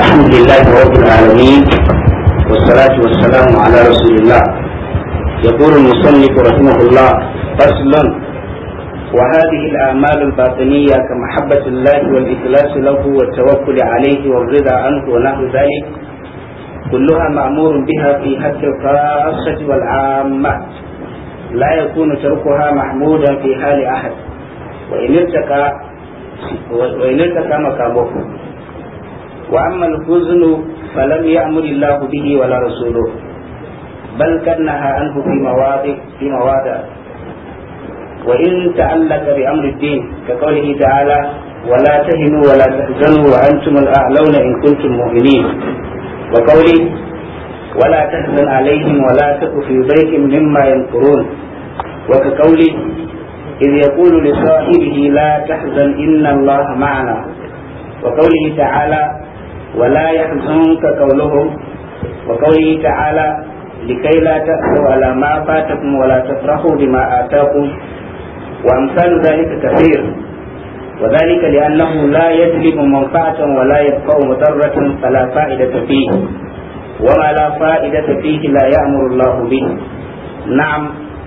الحمد لله رب العالمين والصلاة والسلام على رسول الله يقول المصنف رحمه الله فصل وهذه الأعمال الباطنية كمحبة الله والإخلاص له والتوكل عليه والرضا عنه ونحو ذلك كلها مأمور بها في حق الخاصة والعامة لا يكون تركها محمودا في حال أحد وإن التقى وإن التقى مكابوكم وأما الحزن فلم يأمر الله به ولا رسوله بل كان نهى عنه في مواضع في مواضع وإن تعلق بأمر الدين كقوله تعالى ولا تهنوا ولا تحزنوا وأنتم الأعلون إن كنتم مؤمنين وقوله ولا تحزن عليهم ولا تك في ضيق مما ينكرون وكقوله إذ يقول لصاحبه لا تحزن إن الله معنا وقوله تعالى ولا يحزنك قولهم وقوله تعالى لكي لا تأسوا على ما فاتكم ولا تفرحوا بما آتاكم وأمثال ذلك كثير وذلك لأنه لا يجلب منفعة ولا يبقى مضرة فلا فائدة فيه وما لا فائدة فيه لا يأمر الله به نعم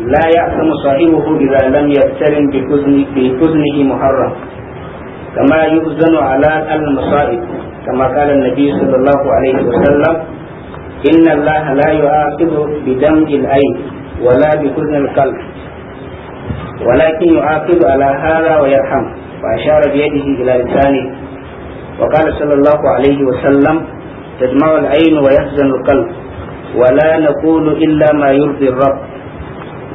لا يأثم صاحبه إذا لم يقترن بحزنه محرم كما يؤذن على المصائب كما قال النبي صلى الله عليه وسلم إن الله لا يعاقب بدمع العين ولا بحزن القلب ولكن يعاقب على هذا ويرحم وأشار بيده إلى لسانه وقال صلى الله عليه وسلم تدمع العين ويحزن القلب ولا نقول إلا ما يرضي الرب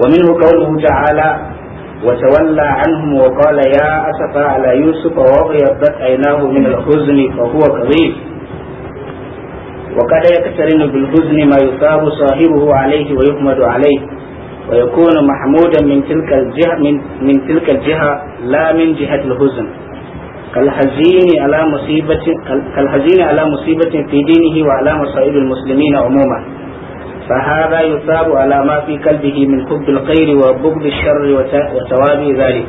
ومنه قوله تعالى وتولى عنهم وقال يا أسفا على يوسف وغيبت عيناه من الحزن فهو كظيم وقد يقترن بالحزن ما يثاب صاحبه عليه ويحمد عليه ويكون محمودا من تلك الجهة من, من تلك الجهة لا من جهة الحزن كالحزين على مصيبة كالحزين على مصيبة في دينه وعلى مصائب المسلمين عموما فهذا يصاب على ما في قلبه من حب الخير وبغض الشر وتوابي ذلك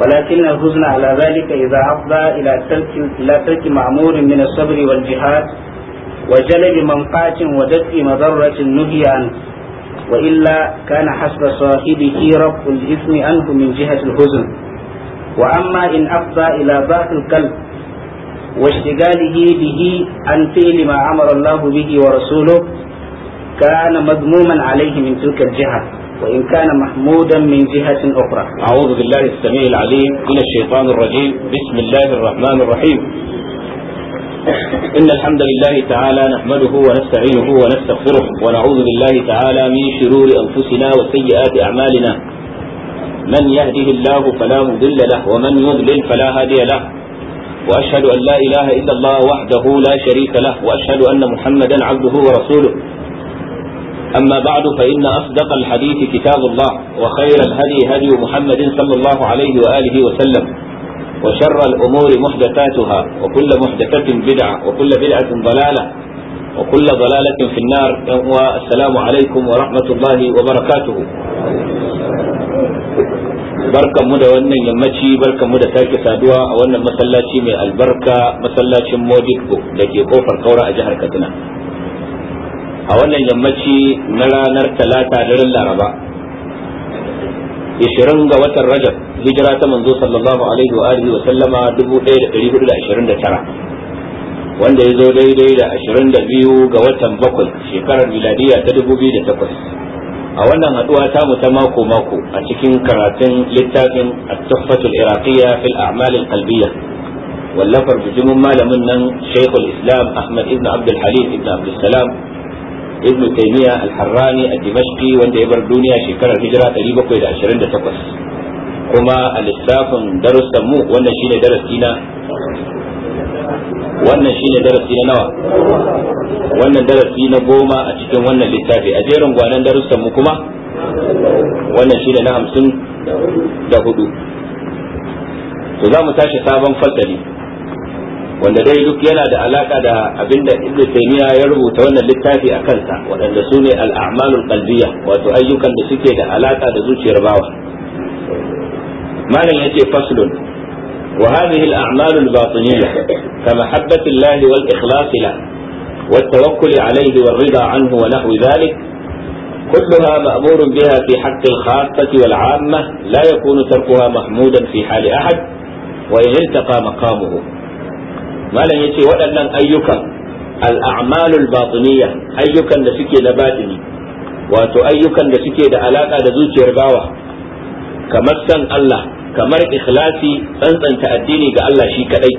ولكن الحزن على ذلك إذا أفضى إلى ترك إلى ترك معمور من الصبر والجهاد وجلب منفعة ودفع مضرة نهي عنه وإلا كان حسب صاحبه رب الإثم عنه من جهة الحزن وأما إن أفضى إلى ضعف القلب واشتغاله به عن فعل ما أمر الله به ورسوله كان مذموما عليه من تلك الجهة وإن كان محمودا من جهة أخرى أعوذ بالله السميع العليم من الشيطان الرجيم بسم الله الرحمن الرحيم إن الحمد لله تعالى نحمده ونستعينه ونستغفره ونعوذ بالله تعالى من شرور أنفسنا وسيئات أعمالنا من يهده الله فلا مضل له ومن يضلل فلا هادي له وأشهد أن لا إله إلا الله وحده لا شريك له وأشهد أن محمدا عبده ورسوله أما بعد فإن أصدق الحديث كتاب الله وخير الهدي هدي محمد صلى الله عليه وآله وسلم وشر الأمور محدثاتها وكل محدثة بدعة وكل بدعة ضلالة وكل ضلالة في النار والسلام عليكم ورحمة الله وبركاته barkan mu da wannan yammaci barkan mu da sake saduwa a wannan masallaci mai albarka masallacin modibbo da ke kofar kaura a jihar katsina a wannan yammaci na ranar talata daren laraba 20 ga watan rajab hijira ta manzo sallallahu alaihi wa alihi wa sallama 1429 wanda ya zo daidai da 22 ga watan bakwai shekarar miladiya ta 2008 a wannan haduwa ta mu ta mako mako a cikin karatun littafin at-tuhfatul iraqiyya fil a'mal al-qalbiyya wallafar bijimin malamin nan shaykhul islam ahmad ibn abdul halim ibn abdul salam ibn taymiya al-harrani al-dimashqi wanda ya bar duniya shekarar hijira 728 kuma a lissafin darussan mu wannan shine darasi na wannan shine darasi nawa wannan darasi goma a cikin wannan littafi a jerin gwanan darussan kuma wannan shine na hamsin da hudu to za mu tashi sabon fasari. wanda dai duk yana da alaka da abinda ibnu taymiya ya rubuta wannan littafi a kansa waɗanda su ne al'amalul qalbiyya wato ayyukan da suke da alaka da zuciyar bawa malam yace faslun wa hadhihi al'amalul batiniyya ka mahabbati Allah wal ikhlas lahu wat tawakkul alayhi wal rida anhu wa nahwi dhalik كلها مأمور بها في حق الخاصة والعامة لا يكون تركها محمودا في حال أحد وإن التقى مقامه malam yace waɗannan ayyukan al'amalul batiniya ayyukan da suke na batini wato ayyukan da suke da alaka da zuciyar bawa kamar san Allah kamar ikhlasi tsantsanta addini ga Allah shi kadai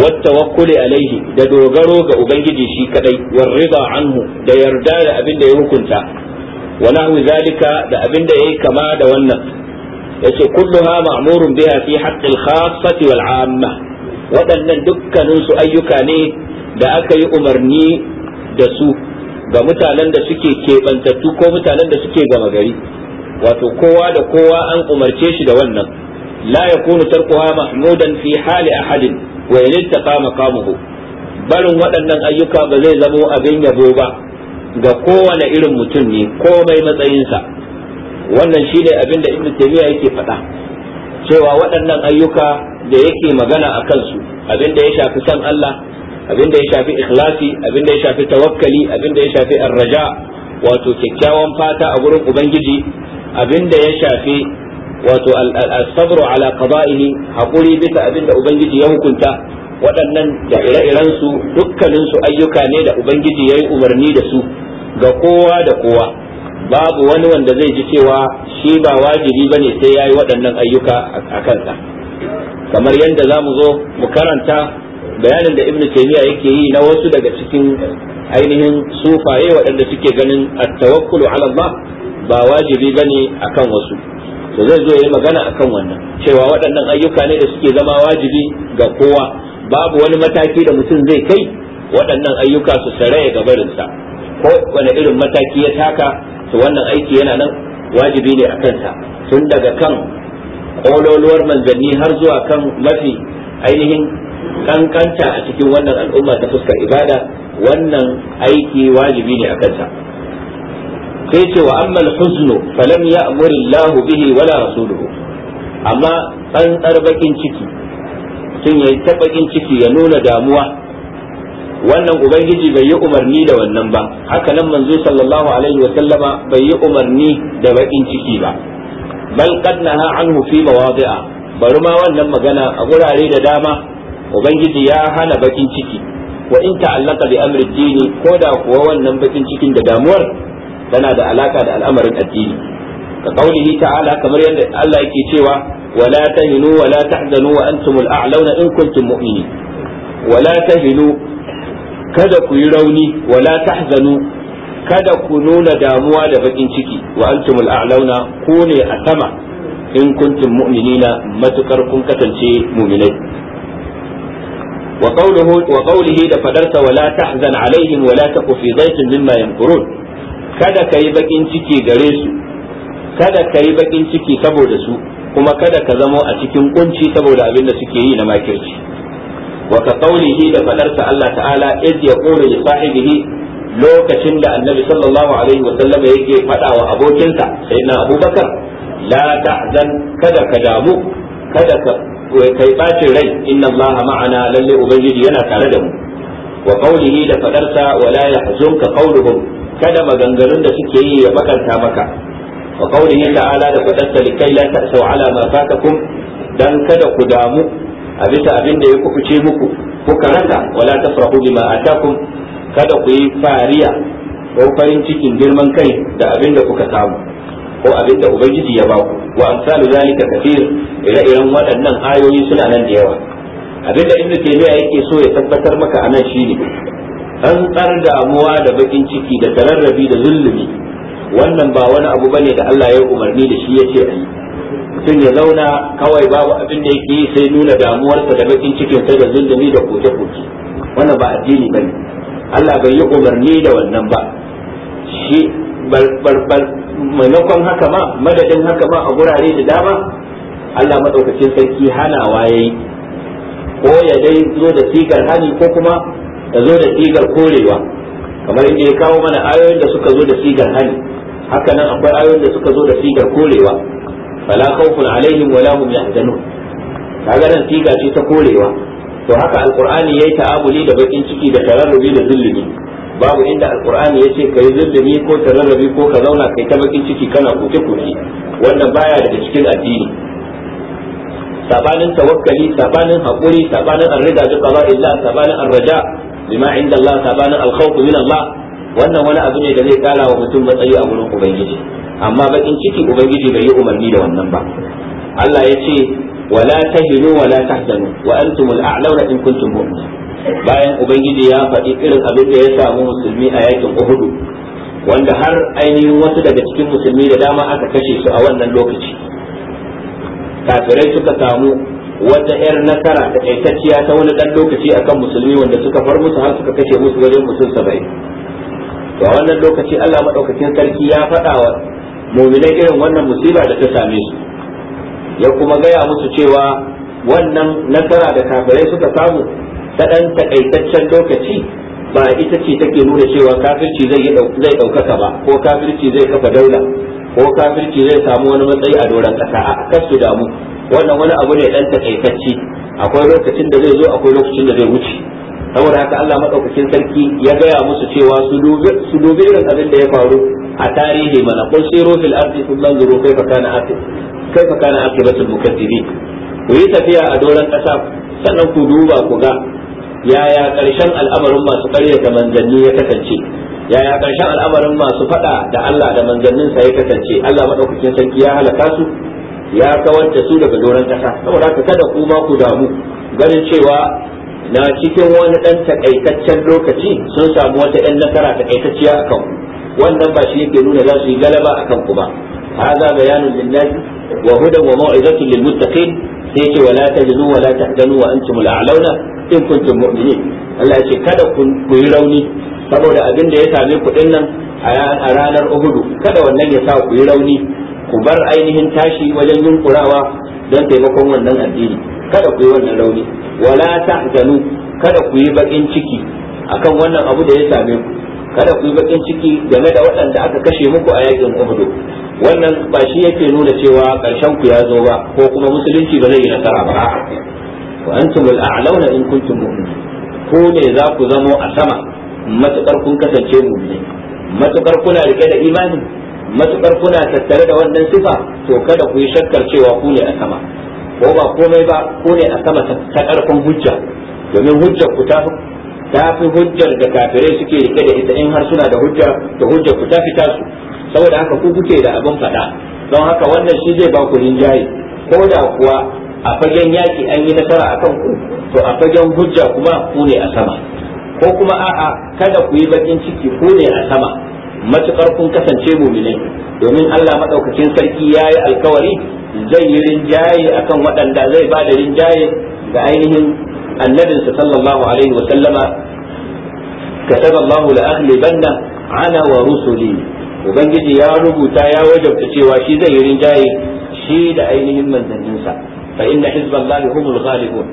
wattawakkuli alaihi da dogaro ga ubangiji shi kadai war rida anhu da yarda da abin da ya hukunta wa zalika da abin da yayi kama da wannan yace kulluha ma'murun biha fi haqqil khassati wal 'amma waɗannan dukkaninsu ayyuka ne da aka yi umarni da su ga mutanen da suke keɓantattu ko mutanen da suke gama gari wato kowa da kowa an umarce shi da wannan la kunu tarkuha mahmudan fi hali ahadin wa yaltaqa maqamuhu barin waɗannan ayyuka ba zai zamo abin yabo ba ga kowane irin mutum ne komai matsayinsa wannan shine abin da ibnu taymiya yake faɗa cewa waɗannan ayyuka da yake magana a kansu abin da ya shafi san Allah abin da ya shafi ikhlasi abin da ya shafi tawakkali abin da ya shafi arraja wato kyakkyawan fata a gurin ubangiji abin da ya shafi wato al-sabru ala qada'ihi hakuri bisa abin da ubangiji ya hukunta waɗannan da ire-iren su dukkanin su ayyuka ne da ubangiji ya yi umarni da su ga kowa da kowa babu wani wanda zai ji cewa shi ba wajibi ba ne sai ya yi waɗannan ayyuka a kansa kamar yadda za mu zo mu karanta bayanin da ibnu taymiya yake yi na wasu daga cikin ainihin sufaye waɗanda suke ganin at-tawakkulu ala Allah ba wajibi ba ne akan wasu to zai zo yi magana akan wannan cewa waɗannan ayyuka ne da suke zama wajibi ga kowa babu wani mataki da mutum zai kai waɗannan ayyuka su ga barinsa. ko wani irin mataki ya taka to wannan aiki yana nan wajibi ne a kansa tun daga kan ƙololuwar manzanni har zuwa kan mafi ainihin kankanta a cikin wannan al'umma ta fuskar ibada wannan aiki wajibi ne a kansa sai ce wa amma al falam ya'mur Allah bihi wala rasuluhu amma tsantsar bakin ciki sun yayi ta bakin ciki ya nuna damuwa wannan ubangiji bai yi umarni da wannan ba haka nan manzo sallallahu alaihi wa sallama bai yi umarni da bakin ciki ba bal na naha anhu fi mawadi'a bari ma wannan magana a gurare da dama ubangiji ya hana bakin ciki wa in ta'allaka bi amri dini ko da kuwa wannan bakin cikin da damuwar tana da alaka da al'amarin addini ka kaulihi ta'ala kamar yadda Allah yake cewa wala tahinu wala tahzanu wa antumul a'launa in kuntum mu'minin wala kada ku yi rauni wala tahzanu kada ku nuna damuwa da bakin ciki wa antumul a'launa ko ne a sama in kuntum mu'minina matukar kun kasance mu'minai wa qawluhu wa qawlihi da fadarsa wala tahzan alaihim wala taqu fi dhaytin mimma yamkurun kada kai bakin ciki gare su kada kai bakin ciki saboda su kuma kada ka zama a cikin kunci saboda abin da suke yi na makirci wa ka da faɗarsa Allah ta'ala iz yaqulu li sahibihi lokacin da annabi sallallahu alaihi wa sallam yake fada wa abokinsa sayyidina abubakar la tahzan kada ka damu kada kai bacin rai inna Allah ma'ana lalle ubangiji yana tare da mu wa da fadarsa wala yahzunka qawluhum kada maganganun da suke yi ya bakanta maka wa ta'ala da fadarsa likai la ta'sau ala ma fatakum dan kada ku damu a bisa abin da ya kukuce muku kuka karanta wala tafrahu bima atakum kada ku yi fariya ko farin cikin girman kai da abin da kuka samu ko abin da ubangiji ya baku wa amsalu zalika kathir ire-iren waɗannan ayoyi suna nan da yawa abin da ibnu taymiya yake so ya tabbatar maka anan shine an tsar damuwa da bakin ciki da tararrabi da zulumi wannan ba wani abu bane da Allah ya umarni da shi yace ayi mutum ya zauna kawai babu abin da yake yi sai nuna damuwarsa da bakin cikin sa da zulumi da koke-koke wannan ba addini ba ne Allah bai yi umarni da wannan ba shi maimakon haka ma madadin haka ma a gurare da dama Allah maɗaukacin sarki hanawa yayi ko ya dai zo da sigar hani ko kuma ya zo da sigar korewa kamar inda ya kawo mana ayoyin da suka zo da sigar hani haka nan akwai ayoyin da suka zo da sigar korewa fala khawfun alaihim wala hum yahzanun kaga nan siga ce ta korewa to haka alqur'ani yayi ta'abuli da bakin ciki da tararrubi da zullumi babu inda alqur'ani yace kai zullumi ko tararrubi ko ka zauna kai ta bakin ciki kana kuke kuke wannan baya daga cikin addini sabanin tawakkali sabanin hakuri sabanin arrida bi illa sabanin arraja bima inda Allah sabanin alkhawf min Allah wannan wani abu ne da zai kara wa mutum matsayi a gurin ubangiji amma bakin ciki ubangiji bai yi umarni da wannan ba Allah ya ce wala tahinu wala tahzanu wa antumul a'launa in kuntum mu'minin bayan ubangiji ya faɗi irin abin da ya samu musulmi a yakin Uhud wanda har ainihin wasu daga cikin musulmi da dama aka kashe su a wannan lokaci kafirai suka samu wata 'yar nasara da ta wani ɗan lokaci akan musulmi wanda suka far musu har suka kashe musu wajen mutum saba'in to a wannan lokaci Allah madaukakin sarki ya faɗa wa mu'minai irin wannan musiba da ta same su ya kuma gaya musu cewa wannan nasara da kafirai suka samu ta ɗan takaitaccen lokaci ba ita ce take nuna cewa kafirci zai zai ɗaukaka ba ko kafirci zai kafa daula ko kafirci zai samu wani matsayi a doron ƙasa a kasu damu wannan wani abu ne ɗan takaitacce akwai lokacin da zai zo akwai lokacin da zai wuce saboda haka Allah madaukakin sarki ya gaya musu cewa su dubi irin abin da ya faru a tarihi mana kun siro fil ardi kun manzuru fa kana kai fa kana mukaddibi ku yi tafiya a doran kasa sannan ku duba ku ga yaya karshen al'amarin masu da manzanni ya kasance yaya karshen al'amarin masu faɗa da Allah da sa ya kasance Allah madaukakin sarki ya halaka su ya kawar da su daga doron kasa saboda haka kada ku ma ku damu ganin cewa na cikin wani ɗan takaitaccen lokaci sun samu wata yan nasara takaitacciya akan wannan ba shi yake nuna za su yi galaba a ku ba sai بيان للناس وهدى وموعظة للمتقين سيك ولا wa an تهتنوا وأنتم الأعلون إن كنتم مؤمنين Allah ya ce kada ku yi rauni saboda abin da ya same ku nan a ranar Uhudu kada wannan ya sa ku yi rauni ku bar ainihin tashi wajen yunkurawa don taimakon wannan addini kada ku yi wannan rauni wala tahzanu kada ku yi bakin ciki akan wannan abu da ya same ku kada ku yi bakin ciki game da waɗanda aka kashe muku a yakin Uhud wannan ba shi yake nuna cewa karshen ku ya zo ba ko kuma musulunci ba zai yi nasara ba wa antumul a'launa in kuntum mu'minin ko ne za ku zamo a sama matukar kun kasance mu'mini matukar kuna rike da imani matukar kuna tattare da wannan sifa to kada ku yi shakkar cewa ku ne a sama ko ba komai ba ko ne a sama ta karfin hujja domin hujjar ku ta fi hujjar da kafirai suke rike da ita in har suna da hujja to hujjar ku ta fita su saboda haka ku kuke da abin faɗa don haka wannan shi zai ba ku rinjaye ko da kuwa a fagen yaki an yi nasara kan ku to a fagen hujja kuma ku ne a sama ko kuma a'a kada ku yi bakin ciki ku ne a sama Matuƙar kun kasance mu'mini domin Allah madaukakin sarki yayi alkawari zai yi rinjaye akan waɗanda zai ba da rinjaye ga ainihin annabinsa sallallahu alaihi wa sallama ahli banna ana wa rusuli ubangiji ya rubuta ya wajabta cewa shi zai yi rinjaye shi da ainihin manzanninsa fa inna hizballahi humul ghalibun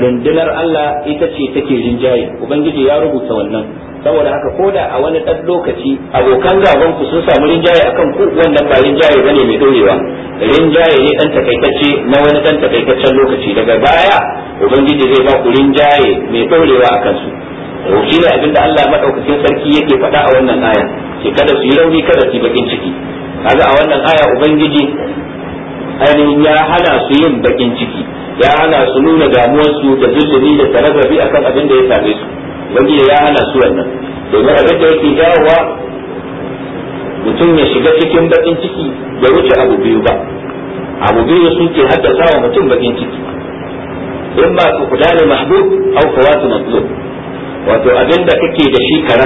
rundunar Allah ita ce take rinjaye ubangiji ya rubuta wannan saboda haka ko da a wani ɗan lokaci abokan gabanku sun samu rinjaye akan ku wannan ba rinjaye ba ne mai dorewa rinjaye ne ɗan takaitacce na wani ɗan takaitaccen lokaci daga baya ubangiji zai ba ku rinjaye mai dorewa kansu su shi ne abinda Allah madaukakin sarki yake faɗa a wannan aya ce kada su yi rauni kada su yi bakin ciki kaga a wannan aya ubangiji ainihin ya hana su yin bakin ciki ya hana su nuna damuwarsu da zulumi da tarabbi akan abin da ya same su wani ya hana su wannan domin abin da yake jawowa mutum ya shiga cikin bakin ciki ya wuce abu biyu ba abu biyu sun ke haddasa wa mutum bakin ciki in ba ku kula da mahbub au fawatu matlub wato abin da kake da shi ka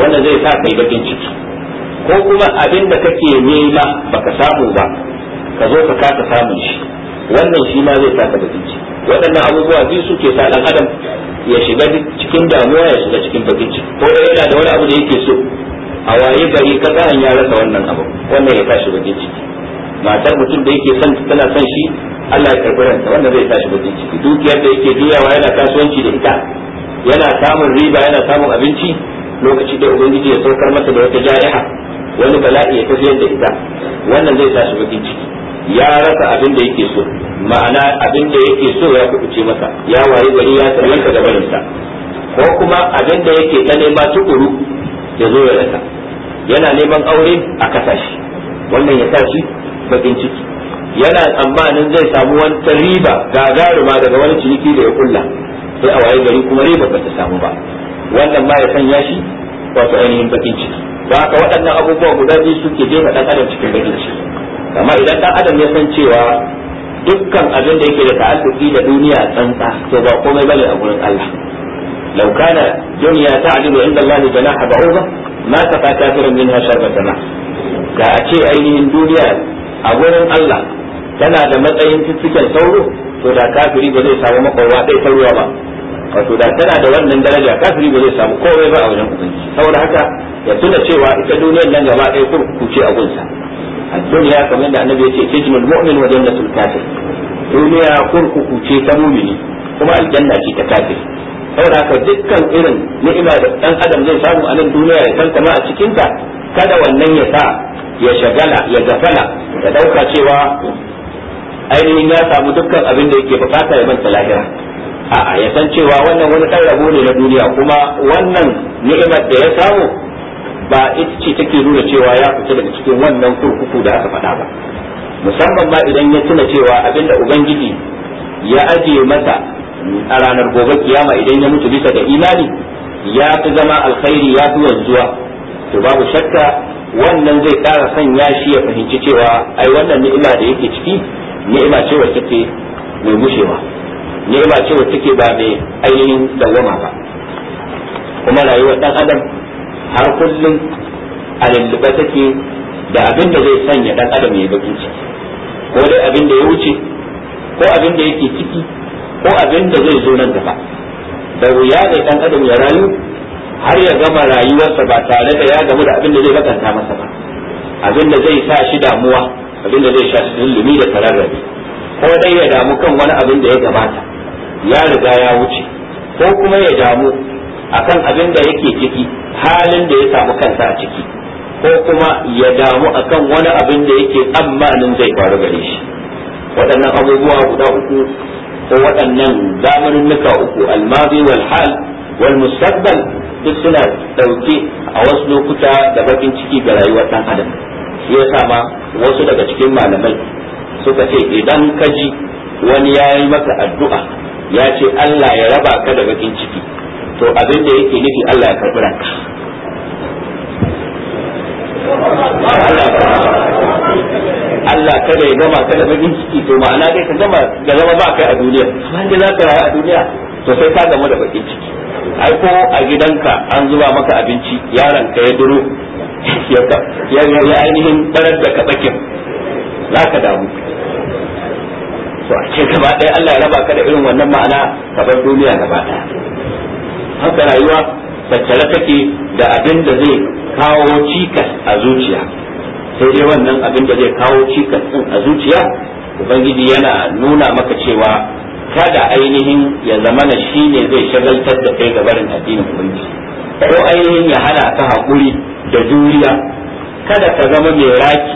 wanda zai sa kai bakin ciki ko kuma abin da kake nema baka samu ba ka zo ka kasa samun shi wannan shi ma zai sa ka bakin ciki waɗannan abubuwa biyu suke sa ɗan adam ya shiga cikin damuwa ya shiga cikin bakin ciki ko da yana da wani abu da yake so a waye gari an ya rasa wannan abu wannan ya tashi bakin ciki matar mutum da yake son tana son shi Allah ya karbi ranta wannan zai tashi bakin ciki dukiyar da yake biyawa yana kasuwanci da ita yana samun riba yana samun abinci lokaci da ubangiji ya saukar masa da wata jariha wani bala'i ya tafiyar da ita wannan zai tashi bakin ciki ya rasa abin da yake so ma'ana abin da yake so ya kubuce masa ya waye gari ya tsallanta da barinsa ko kuma abin da yake ta nema tukuru ya zo ya rasa yana neman aure a kasa shi wannan ya sa shi bakin ciki yana tsammanin zai samu wata riba gagaruma daga wani ciniki da ya kulla sai a waye gari kuma riba ba ta samu ba wannan ma ya sanya shi wato ainihin bakin ciki ba haka waɗannan abubuwa guda biyu suke jefa ɗan adam cikin bakin ciki kamar idan dan adam ya san cewa dukkan abin da yake da ta'alluki da duniya tsantsa to ba komai bane a gurin Allah law kana dunya ta'dilu inda Allah janaha ba'udha ma taqa kafirun minha sharra sama da a ce ainihin duniya a gurin Allah tana da matsayin cikin sauro to da kafiri ba zai samu makwarwa dai sauro ba wato da tana da wannan daraja kafiri ba zai samu komai ba a wajen ubangiji saboda haka ya tuna cewa ita duniyar nan gaba ɗaya kurkuku ce a gunsa a duniya kamar da annabi ce sijnul mu'min wa jannatul kafir duniya kurkuku ce ta mumini kuma aljanna ce ta kafir saboda haka dukkan irin ni'ima da dan adam zai samu a nan duniya ya san ma a cikin ta kada wannan ya sa ya shagala ya gafala ya dauka cewa ainihin ya samu dukkan abin da yake bukata ya manta lahira a ya san cewa wannan wani ɗan rabo ne na duniya kuma wannan ni'imar da ya samu ba ita ce take nuna cewa ya fita daga cikin wannan kurkuku da aka faɗa ba musamman ma idan ya tuna cewa abinda ubangiji ya ajiye masa a ranar gobe kiyama idan ya mutu bisa da imani ya fi zama alkhairi ya fi wanzuwa to babu shakka wannan zai ƙara sanya shi ya fahimci cewa ai wannan ni'ima da yake ciki ni'ima ce wacce take mai gushewa ba ce wacce take ba mai ainihin dawama ba kuma rayuwar dan adam har kullum a lulluɓe take da abin da zai sanya dan adam ya bakin ciki ko dai abin da ya wuce ko abin da yake ciki ko abin da zai zo nan gaba da wuya ne dan adam ya rayu har ya gama rayuwarsa ba tare da ya gamu da abin da zai bakanta masa ba abin da zai sa shi damuwa abin da zai sha shi lumi da tararrabi ko dai ya damu kan wani abin da ya gabata ya riga ya wuce ko kuma ya damu akan abin da yake ciki halin da ya samu kansa a ciki ko kuma ya damu akan wani abin da yake tsammanin zai faru gare shi waɗannan abubuwa guda uku ko waɗannan zamaninnuka uku almadi wal hal wal mustaqbal duk suna ɗauke a wasu lokuta da bakin ciki ga rayuwar ɗan adam shi yasa ma wasu daga cikin malamai suka ce idan ka ji wani ya yi maka addu'a ya ce Allah ya raba ka da bakin ciki to abin da yake nufi Allah ya karɓi ranka Allah ka da ya gama ka da bakin ciki to ma'ana dai ka gama da zama ba kai a duniya wanda za ka rayu a duniya to sai ka gama da bakin ciki ai ko a gidanka an zuba maka abinci yaron ka ya duro ya ainihin barar da ka tsakin za ka damu so a ce gaba ɗaya Allah ya raba ka da irin wannan ma'ana ka bar duniya gaba ɗaya haka rayuwa tattare take da abin da zai kawo cikas a zuciya sai dai wannan abin da zai kawo cikas din a zuciya ubangiji yana nuna maka cewa kada ainihin ya shi ne zai shagaltar da kai gabarin addinin ubangiji ko ainihin ya hana ka haƙuri da juriya kada ka zama mai raki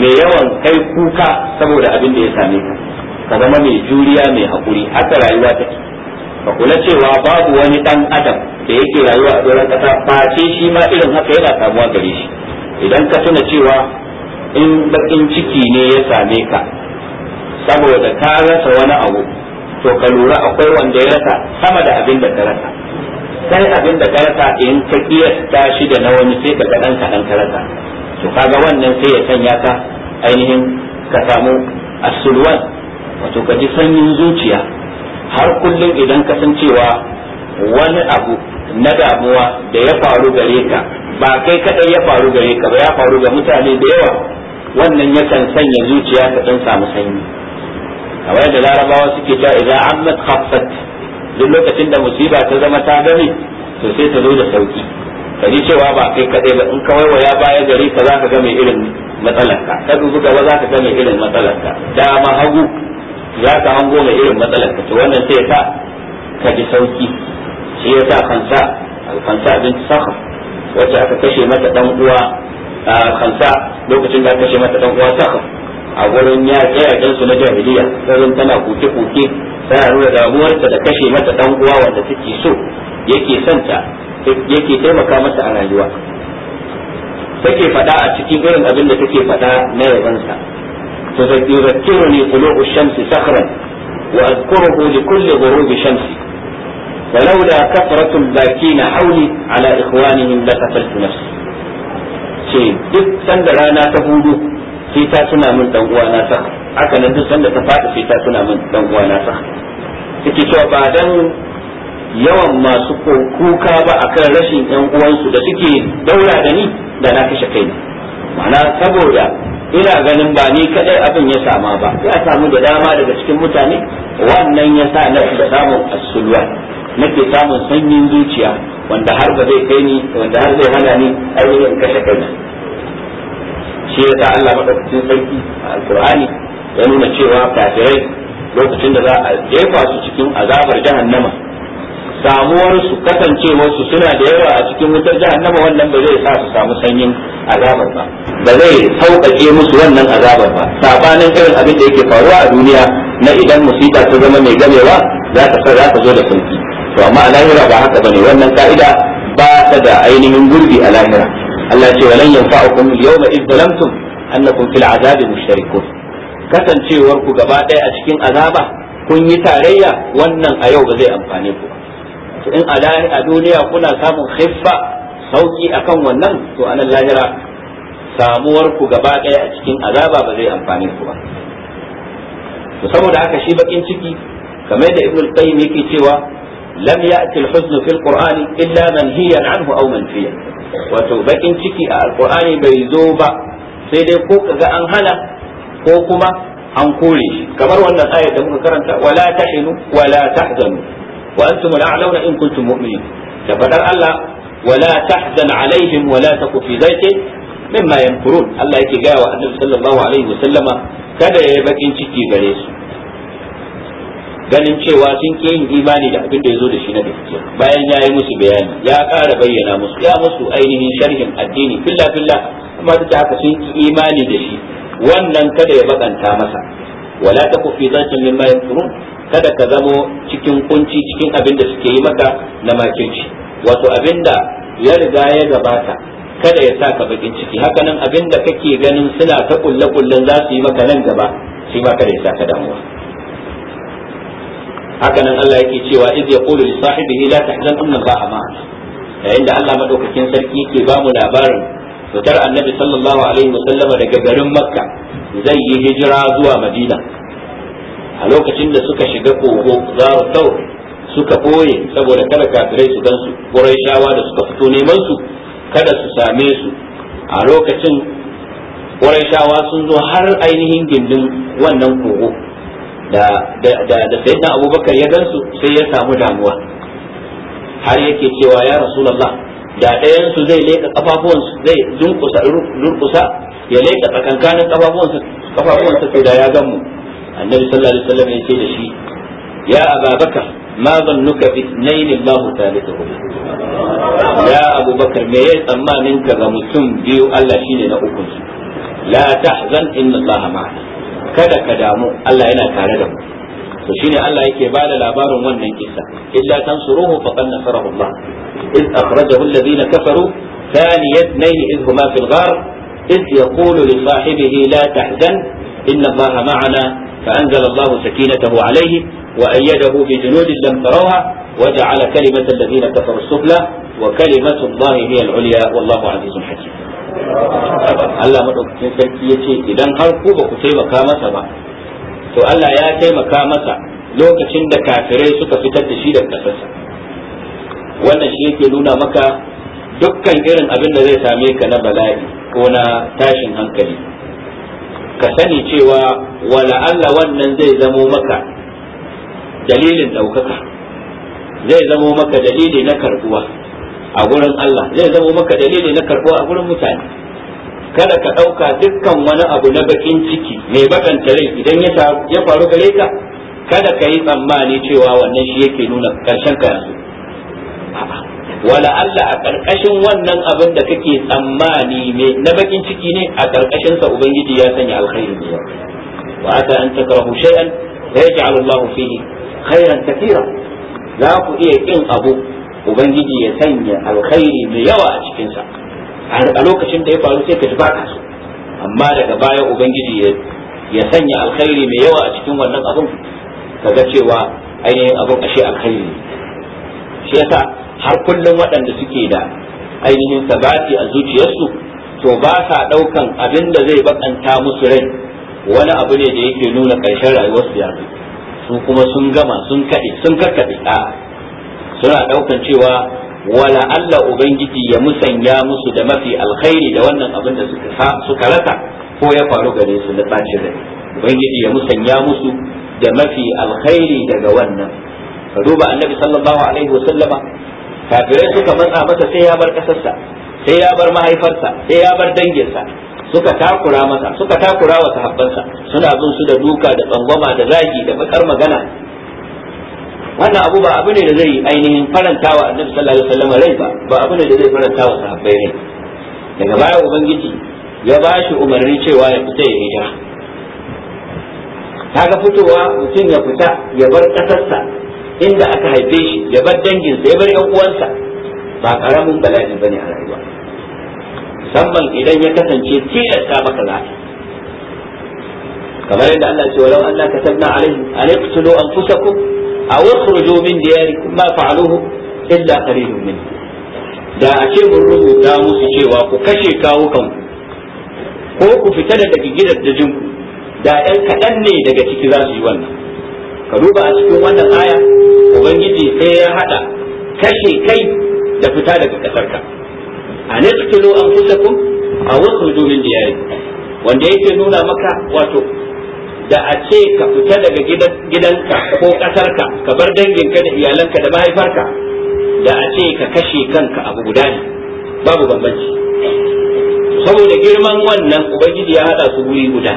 mai yawan kai kuka saboda abin da ya same ka ka zama mai juriya mai haƙuri haka rayuwa take ba kula cewa babu wani dan adam da yake rayuwa a doron kasa face shi ma irin haka yana samuwa gare shi idan ka tuna cewa in bakin ciki ne ya same ka saboda ka rasa wani abu to ka lura akwai wanda ya rasa sama da abin da ka rasa sai abin da ka rasa in ka kiyasta shi da na wani sai ka kaɗan kaɗan ka rasa to kaga wannan sai ya sanya ka ainihin ka samu asulwan wato ka ji sanyin zuciya har kullum idan kasancewa wani abu na damuwa da ya faru gare ka ba kai kadai ya faru gare ka ba ya faru ga mutane da yawa wannan yakan sanya zuciya ka dan samu sanyi kamar da larabawa suke cewa idan ammat khaffat duk lokacin da musiba ta zama ta gani to sai ta zo da sauki ka cewa ba kai kadai ba in ka waya baya gare ka zaka ga mai irin matsalarka ka dubi gaba zaka ga mai irin matsalarka dama hagu za ka hango mai irin matsalar ka to wannan sai ka ka ji sauki shi ya sa kansa kansa abin sakhar wacce aka kashe mata dan uwa kansa lokacin da aka kashe mata dan uwa sakhar a gurin ya yaƙen su na jahiliya sarin tana kuke kuke tana da damuwarta da kashe mata dan uwa wanda take so yake santa yake taimaka mata a rayuwa take faɗa a cikin irin abin da take faɗa na yabansa يذكرني طلوع الشمس سخرا وأذكره لكل غروب شمس ولولا كثرة الباكين حولي على إخوانهم لقتلت نفسي شيء duk سند رانا ta في sai من tuna سخر dan uwa na sa haka nan duk sanda ta fadi sai ta tuna min dan uwa na sa take cewa ba dan yawan masu kuka ba akan rashin yan uwansu da suke daura da ni da na kashe kai ma'ana saboda ina ganin ba ni kadai abin ya sama ba ya samu da dama daga cikin mutane wannan ya sa na samun asulwa nake samun sanyin zuciya wanda har ba zai kai ni wanda har zai hana ni ainihin kashe kaina shi ya sa Allah madaukakin sarki a alkur'ani ya nuna cewa kafirai lokacin da za a jefa su cikin azabar jahannama samuwarsu kasancewarsu suna da yawa a cikin wutar jahannama wannan ba zai sa su samu sanyin azabar ba ba zai sauƙaƙe musu wannan azabar ba sabanin irin abin da yake faruwa a duniya na idan musiba ta zama mai gamewa za ta za ta zo da sauki to amma a lahira ba haka bane wannan ka'ida ba ta da ainihin gurbi a lahira Allah ce walan yanfa'ukum yawma idh zalamtum annakum fil azabi mushtarikun kasancewarku gaba ɗaya a cikin azaba kun yi tarayya wannan a yau ba zai amfane ku ba to in a duniya kuna samun khiffa sauki akan wannan to anan lahira samuwar ku gaba ɗaya a cikin azaba ba zai amfani ku ba to saboda haka shi bakin ciki kamar da ibnu qayyim yake cewa lam ya'ti al-huzn fi al illa manhiyan anhu aw manfiyan wato bakin ciki a alqur'ani bai zo ba sai dai ko kaga an hana ko kuma an kore shi kamar wannan ayar da muka karanta wala tahinu wala tahzanu wa antum al'auna in kuntum mu'minin da fadar Allah wala tahzan alaihim wala taku fi dhaikin mimma yamkurun Allah yake gaya wa Annabi sallallahu alaihi wasallama kada yayi bakin ciki gare su ganin cewa sun ke yin imani da abin da ya zo da shi na gaskiya bayan ya yi musu bayani ya ƙara bayyana musu ya musu ainihin sharhin addini filla filla amma duk haka sun ki imani da shi wannan kada ya bakanta masa wala taku fi zancin mimma yanfurun kada ka zamo cikin kunci cikin abin da suke yi maka na makirci wato abin da ya riga ya gabata kada ya sa ka bakin ciki haka nan abin da kake ganin suna ta kulle kullen za su yi maka nan gaba shi ma kada ya saka damuwa haka nan Allah yake cewa iz yaqulu li sahibihi la tahzan inna Allaha ma'ana yayin da Allah madaukakin sarki yake ba mu labarin fitar annabi sallallahu alaihi wasallama daga garin makka zai yi hijira zuwa madina a lokacin da suka shiga kogo za tau suka boye saboda kada kafirai su gansu shawa da suka fito neman su kada su same su a lokacin shawa sun zo har ainihin gindin wannan kogo da da abubakar ya gansu sai ya samu damuwa har yake cewa ya rasulullah da ɗayan su zai leka kafafuwan su zai dunkusa durkusa ya leka tsakankanin kafafuwan su kafafuwan su da ya gamu annabi sallallahu alaihi wasallam ya ce da shi ya ababakar ma zannuka bi ithnain Allah thalithuhum ya abubakar me yayi tsammanin ka ga mutum biyu Allah shine na uku la tahzan inna Allah ma'ana kada ka damu Allah yana tare da mu to shine Allah yake ba da labarin wannan kisa illa tan suruhu fa qad nasarahu Allah iz akhrajahu alladhina kafaru thaniyatayn iz huma fil ghar iz yaqulu li sahibihi la tahzan inna Allaha ma'ana فأنزل الله سكينته عليه وأيده بجنود لم تروها وجعل كلمة الذين كفروا السفلى وكلمة الله هي العليا والله عزيز حكيم الله مدعو كنسان كيتي إذا هل قوبك سيبا كامسا to Allah ya taimaka masa lokacin da kafirai suka fitar da shi da kasarsa wannan shi yake nuna maka dukkan irin abin da zai same ka na bala'i ko na tashin hankali ka sani cewa wala Allah wannan zai zamo maka dalilin ɗaukaka zai zamo maka dalili na karbuwa a gurin Allah zai zamo maka dalili na karbuwa a gurin mutane kada ka ɗauka dukkan wani abu na bakin ciki mai bakan rai idan ya faru gare ka kada ka yi tsammani cewa wannan shi yake nuna karshen ka yanzu wala Allah a ƙarƙashin wannan abin da kake tsammani na bakin ciki ne a ƙarƙashin sa ubangiji ya sanya alkhairi ne wa ata an takrahu shay'an yaj'al Allah fihi khairan katira za ku iya kin abu ubangiji ya sanya alkhairi mai yawa a cikin sa a lokacin da ya faru sai ka ji baka so amma daga baya ubangiji ya sanya alkhairi mai yawa a cikin wannan abin kaga cewa ainihin abun ashe alkhairi shi yasa har kullum waɗanda suke da ainihin sabati a zuciyarsu to ba sa ɗaukan abin da zai bakanta musu rai wani abu ne da yake nuna ƙarshen rayuwarsu ya su kuma sun gama sun kaɗe sun karkaɗe a suna ɗaukan cewa wala Allah ubangiji ya musanya musu da mafi alkhairi da wannan abin da suka rasa ko ya faru gare su na bacin rai ubangiji ya musanya musu da mafi alkhairi daga wannan ka duba annabi sallallahu alaihi wasallama kafirai suka matsa masa sai ya bar kasarsa sai ya bar mahaifarsa sai ya bar danginsa suka takura masa suka takura wa sahabbansa suna bin su da duka da tsangwama da zagi da bakar magana wannan abu ba abu ne da zai ainihin farantawa annabi sallallahu alaihi wasallam rai ba ba abu ne da zai farantawa sahabbai rai daga baya ubangiji ya ba shi umarni cewa ya fita ya hijira kaga fitowa mutum ya fita ya bar kasarsa inda aka haife shi ya bar danginsa ya bar yan uwansa ba karamin bala'i bane a rayuwa musamman idan ya kasance tilasta maka za kamar yadda Allah ya ce walau Allah katabna alaihim an iqtulu anfusakum aw ukhruju من دياركم ما فعلوه illa قليل min da a ce mun rubuta musu cewa ku kashe kawo kanku ko ku fita daga da jinku. da ɗan kaɗan ne daga ciki za su yi wannan ka duba a cikin wannan aya ubangiji sai ya haɗa kashe kai da fita daga ƙasarka a nisqulu anfusakum aw ukhruju min diyarikum wanda yake nuna maka wato da a ce ka fita daga gidanka ko ƙasarka ka bar danginka da iyalanka da mahaifarka da a ce ka kashe kanka abu guda ne babu bambanci saboda girman wannan ubangiji ya haɗa su wuri guda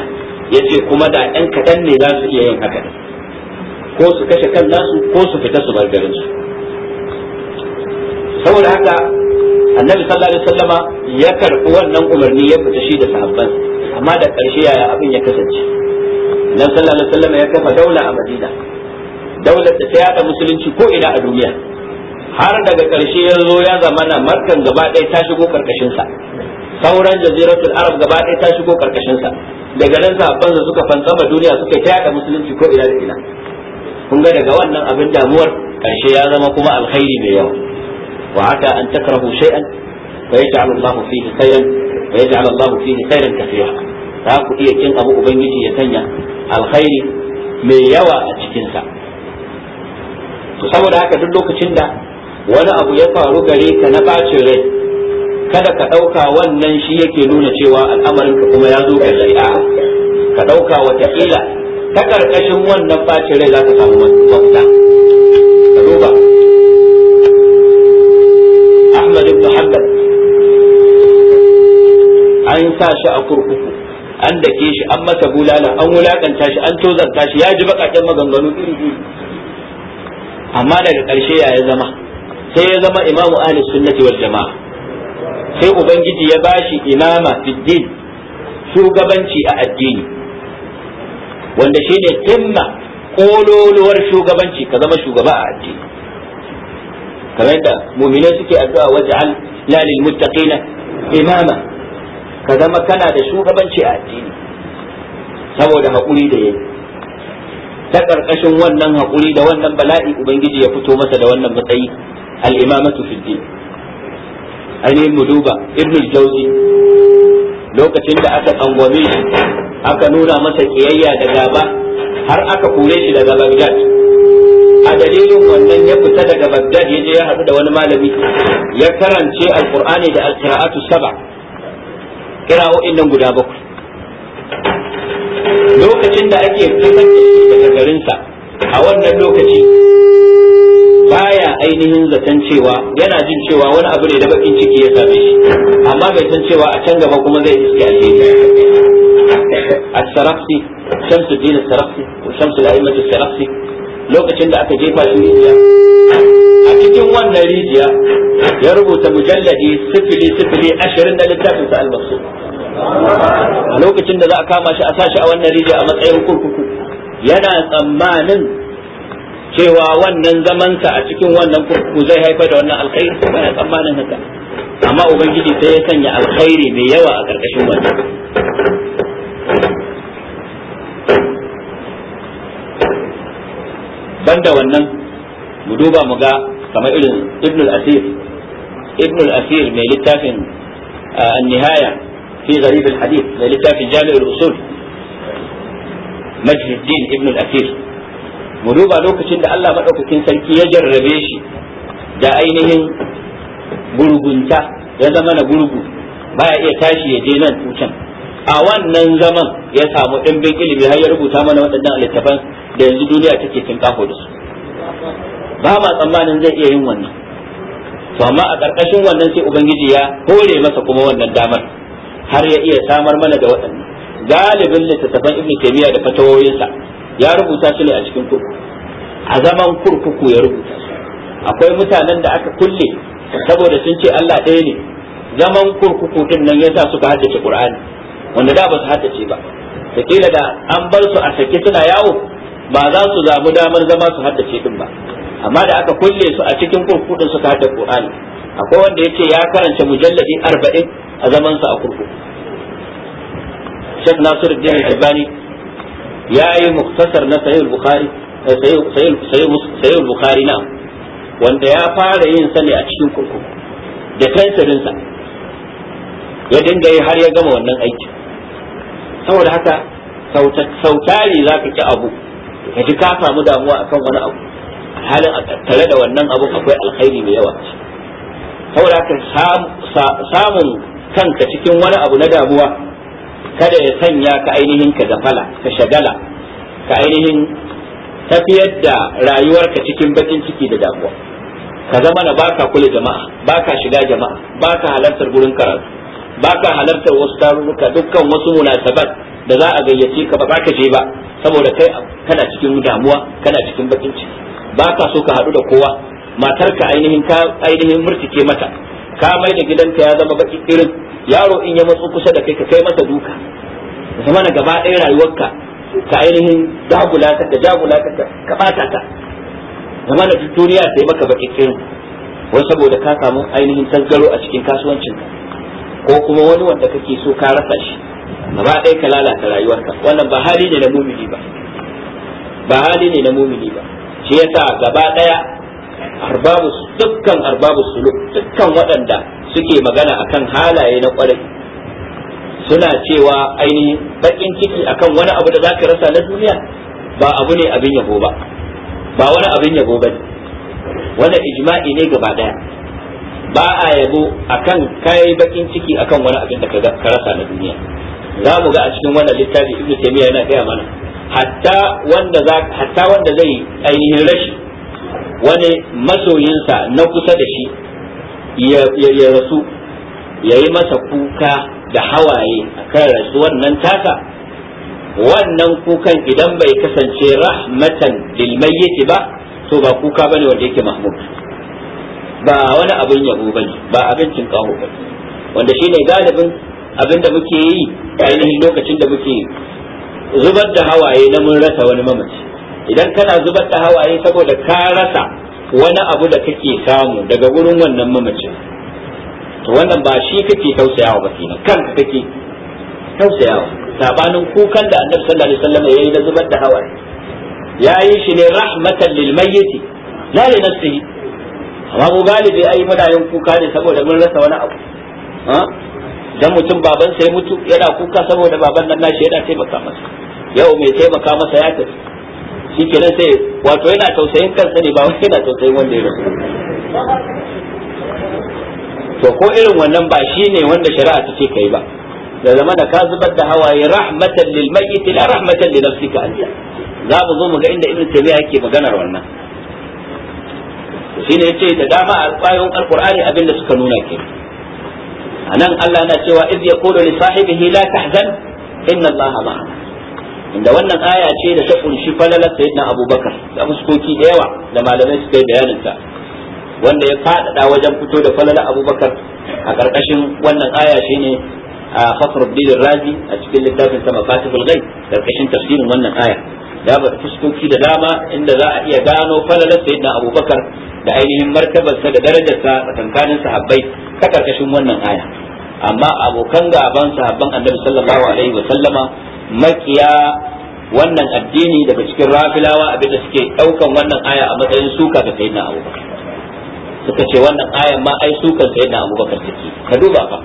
ya ce kuma da ɗan kaɗan ne za su iya yin haka ko su kashe kan nasu ko su fita su bar garinsu saboda haka annabi sallallahu alaihi wasallama ya karɓi wannan umarni ya fita shi da sahabban amma da ƙarshe yaya abin ya kasance nan sallallahu alaihi wasallam ya kafa daula a madina daular da ta yada musulunci ko ina a duniya har daga ƙarshe ya zo ya zamana markan gaba ɗaya ta shigo ƙarƙashinsa sauran jaziratul arab gaba ɗaya ta shigo ƙarƙashinsa daga nan sahabbansa suka fantsama duniya suka ta yada musulunci ko ina da ina kun ga daga wannan abin damuwar ƙarshe ya zama kuma alkhairi mai yawa wa haka an takrahu shay'an fa yaj'al Allahu fihi khayran wa yaj'al Allahu fihi khayran kathira za ku iya kin abu ubangiji ya sanya alkhairi mai yawa a cikinsa to saboda haka duk lokacin da wani abu ya faru gare ka na bacin rai kada ka ɗauka wannan shi yake nuna cewa al'amarin ka kuma ya zo ga shari'a ka ɗauka wataƙila ta ƙarƙashin wannan bacin rai za ka samu mafita ka duba Ahmad ibn Hanbal an sa shi a kurkuku an dake shi an masa bulala an wulakanta shi an tozarta shi ya ji bakakken maganganu amma daga ƙarshe ya zama sai ya zama imamu ahli sunnati wal jama'a sai ubangiji ya bashi imama fiddin shugabanci a addini wanda shine timma kololuwar shugabanci ka zama shugaba a addini kamar yadda mu'minai suke addu'a waj'al lalil muttaqina imama ka zama kana da shugabanci a addini saboda haƙuri da yayi ta ƙarƙashin wannan haƙuri da wannan bala'i ubangiji ya fito masa da wannan matsayi al-imamatu fi din ainihin muduba, duba ibnu jauzi lokacin da aka tsangwame shi aka nuna masa kiyayya da gaba har aka kore shi daga Baghdad a dalilin wannan ya fita daga Baghdad ya je ya haɗu da wani malami ya karance alqur'ani da alqira'atu saba' kira'o'in nan guda bakwai lokacin da ake fitar da shi daga garinsa a wannan lokaci baya ainihin zaton cewa yana jin cewa wani abu ne da bakin ciki ya same shi amma bai san cewa a can gaba kuma zai iske a Sarafi shamsu الدين السرقسي shamsu la'imatu Sarafi. lokacin da aka jefa shi rijiya a cikin wannan rijiya ya rubuta mujalladi sifili sifili ashirin na littafin sa almasu a lokacin da za a kama shi a sashi a wannan rijiya a matsayin kurkuku yana tsammanin cewa wannan zamansa a cikin wannan kurkuku zai haifar da wannan alkhairi ko yana tsammanin haka amma ubangiji sai ya sanya alkhairi mai yawa a ƙarƙashin wannan da wannan mu duba mu ga kamar irin ibn al-asir ibn al-asir mai littafin ah, an-nihaya fi gharib al-hadith mai littafin jami' al-usul majduddin ibn al-asir mu duba lokacin da Allah madaukakin sarki ya jarrabe shi da ainihin gurgunta ya zama na gurgu baya iya tashi ya je nan tucan a wannan zaman ya samu ɗimbin ilimi har ya rubuta mana waɗannan littafan da yanzu duniya take cin kafo da su ba ma tsammanin zai iya yin wannan to amma a ƙarƙashin wannan sai ubangiji ya hore masa kuma wannan damar har ya iya samar mana da waɗannan galibin littattafan ibnu taymiya da fatawoyinsa ya rubuta su ne a cikin kurkuku a zaman kurkuku ya rubuta su akwai mutanen da aka kulle saboda sun ce Allah ɗaya ne zaman kurkuku din nan sa suka haddace Qur'ani wanda da ba su haddace ba da kila da an bar su a sake suna yawo ba za su zamu damar zama su haddace din ba amma da aka kulle su a cikin kurkudin suka haka Qur'ani akwai wanda yace ya karanta mujalladi 40 a zaman sa a kurkuku Sheikh Nasiruddin Albani ya yi muktasar na Sahih Bukhari eh, Sahih Bukhari na wanda ya fara yin sa a cikin kurkuku da kansarin sa ya dinga yi har ya gama wannan aikin saboda haka sautari za ka ki abu ka ji ka samu damuwa akan wani abu halin tare da wannan abu akwai alkhairi mai yawa saboda haka samun kanka cikin wani abu na damuwa kada ya sanya ka ainihin ka gafala ka shagala ka ainihin tafiyar da rayuwarka cikin bakin ciki da damuwa ka zama na baka kula jama'a baka shiga jama'a baka halartar gurin karatu baka halartar wasu tarurruka dukkan wasu munasabat da za a gayyace ka ba ka je ba saboda kai kana cikin damuwa kana cikin bakin ciki baka so ka haɗu da kowa ka ainihin ka ainihin murtike mata ka mai da gidanka ya zama baki irin yaro in ya matsu kusa da kai ka kai mata duka zama na gaba ɗaya rayuwarka ka ainihin dagula ta ka jagula ta ka bata ta zama na duniya sai maka baki irin wai saboda ka samu ainihin tasgaro a cikin kasuwancinka ko kuma wani wanda kake so ka rasa shi gaba ɗaya ka lalata rayuwarka wannan ba hali ne na mumini ba ba hali ne na mumini ba shi yasa gaba ɗaya arbabu dukkan arbabu suluk dukkan waɗanda suke magana akan halaye na ƙwarai suna cewa ainihin baƙin ciki akan wani abu da zaka rasa na duniya ba abu ne abin yabo ba ba wani abin yabo ba ne ijma'i ne gaba ɗaya ba a yabo akan kai bakin ciki akan wani abin da ka rasa na duniya za mu ga a cikin wannan littafi ibnu taymiya yana gaya mana hatta wanda za hatta wanda zai ainihin rashi wani masoyinsa na kusa da shi ya rasu ya masa kuka da hawaye akan rasuwar nan tasa wannan kukan idan bai kasance rahmatan lil mayyit ba to ba kuka bane wanda yake mahmud ba wani abin yabo bane ba abincin kawo bane wanda shi ne galibin abin da muke yi ainihin lokacin da muke zubar da hawaye na mun rasa wani mamaci idan kana zubar da hawaye saboda ka rasa wani abu da kake samu daga wurin wannan mamacin to wannan ba shi kake tausayawa ba kenan kanka kake tausayawa sabanin kukan da annabi sallallahu alaihi wasallam yayi na zubar da hawaye yayi shi ne rahmatan lil mayyit la li nafsihi amma mu galibi ai muna yin kuka ne saboda mun rasa wani abu dan mutum baban sai mutu yana kuka saboda baban nan nashi yana taimaka masa yau mai taimaka masa ya tafi shi kenan sai wato yana tausayin kansa ne ba wai yana tausayin wanda ya rasu to ko irin wannan ba shi ne wanda shari'a ta ce kai ba da zama da ka zubar da hawaye rahmatan lil mayyit la rahmatan li nafsika anta za mu zo mu ga inda ibnu tabi'a yake maganar wannan to ya ce da dama a kwayoyin alqur'ani abin da suka nuna ke anan Allah yana cewa idh yaqulu li sahibihi la tahzan inna Allah ma'ana inda wannan aya ce da ta kunshi falalar na Abubakar da fuskoki da yawa da malamai suka yi bayanin ta wanda ya faɗaɗa wajen fito da falalar Abubakar a ƙarƙashin wannan aya shine a Fakhruddin Razi a cikin littafin sama Mafatihul ƙarƙashin tafsirin wannan aya Da ba fuskoki da dama inda za a iya gano falalar sayyidina abubakar da ainihin martabarsa da darajarsa tsakankanin sahabbai ta karkashin wannan aya amma abokan gaban sahabban annabi sallallahu alaihi wa sallama makiya wannan addini daga cikin rafilawa abinda suke daukan wannan aya a matsayin suka ga sayyidina abubakar suka ce wannan ayan ma ai sukan sayyidina abubakar take ka duba fa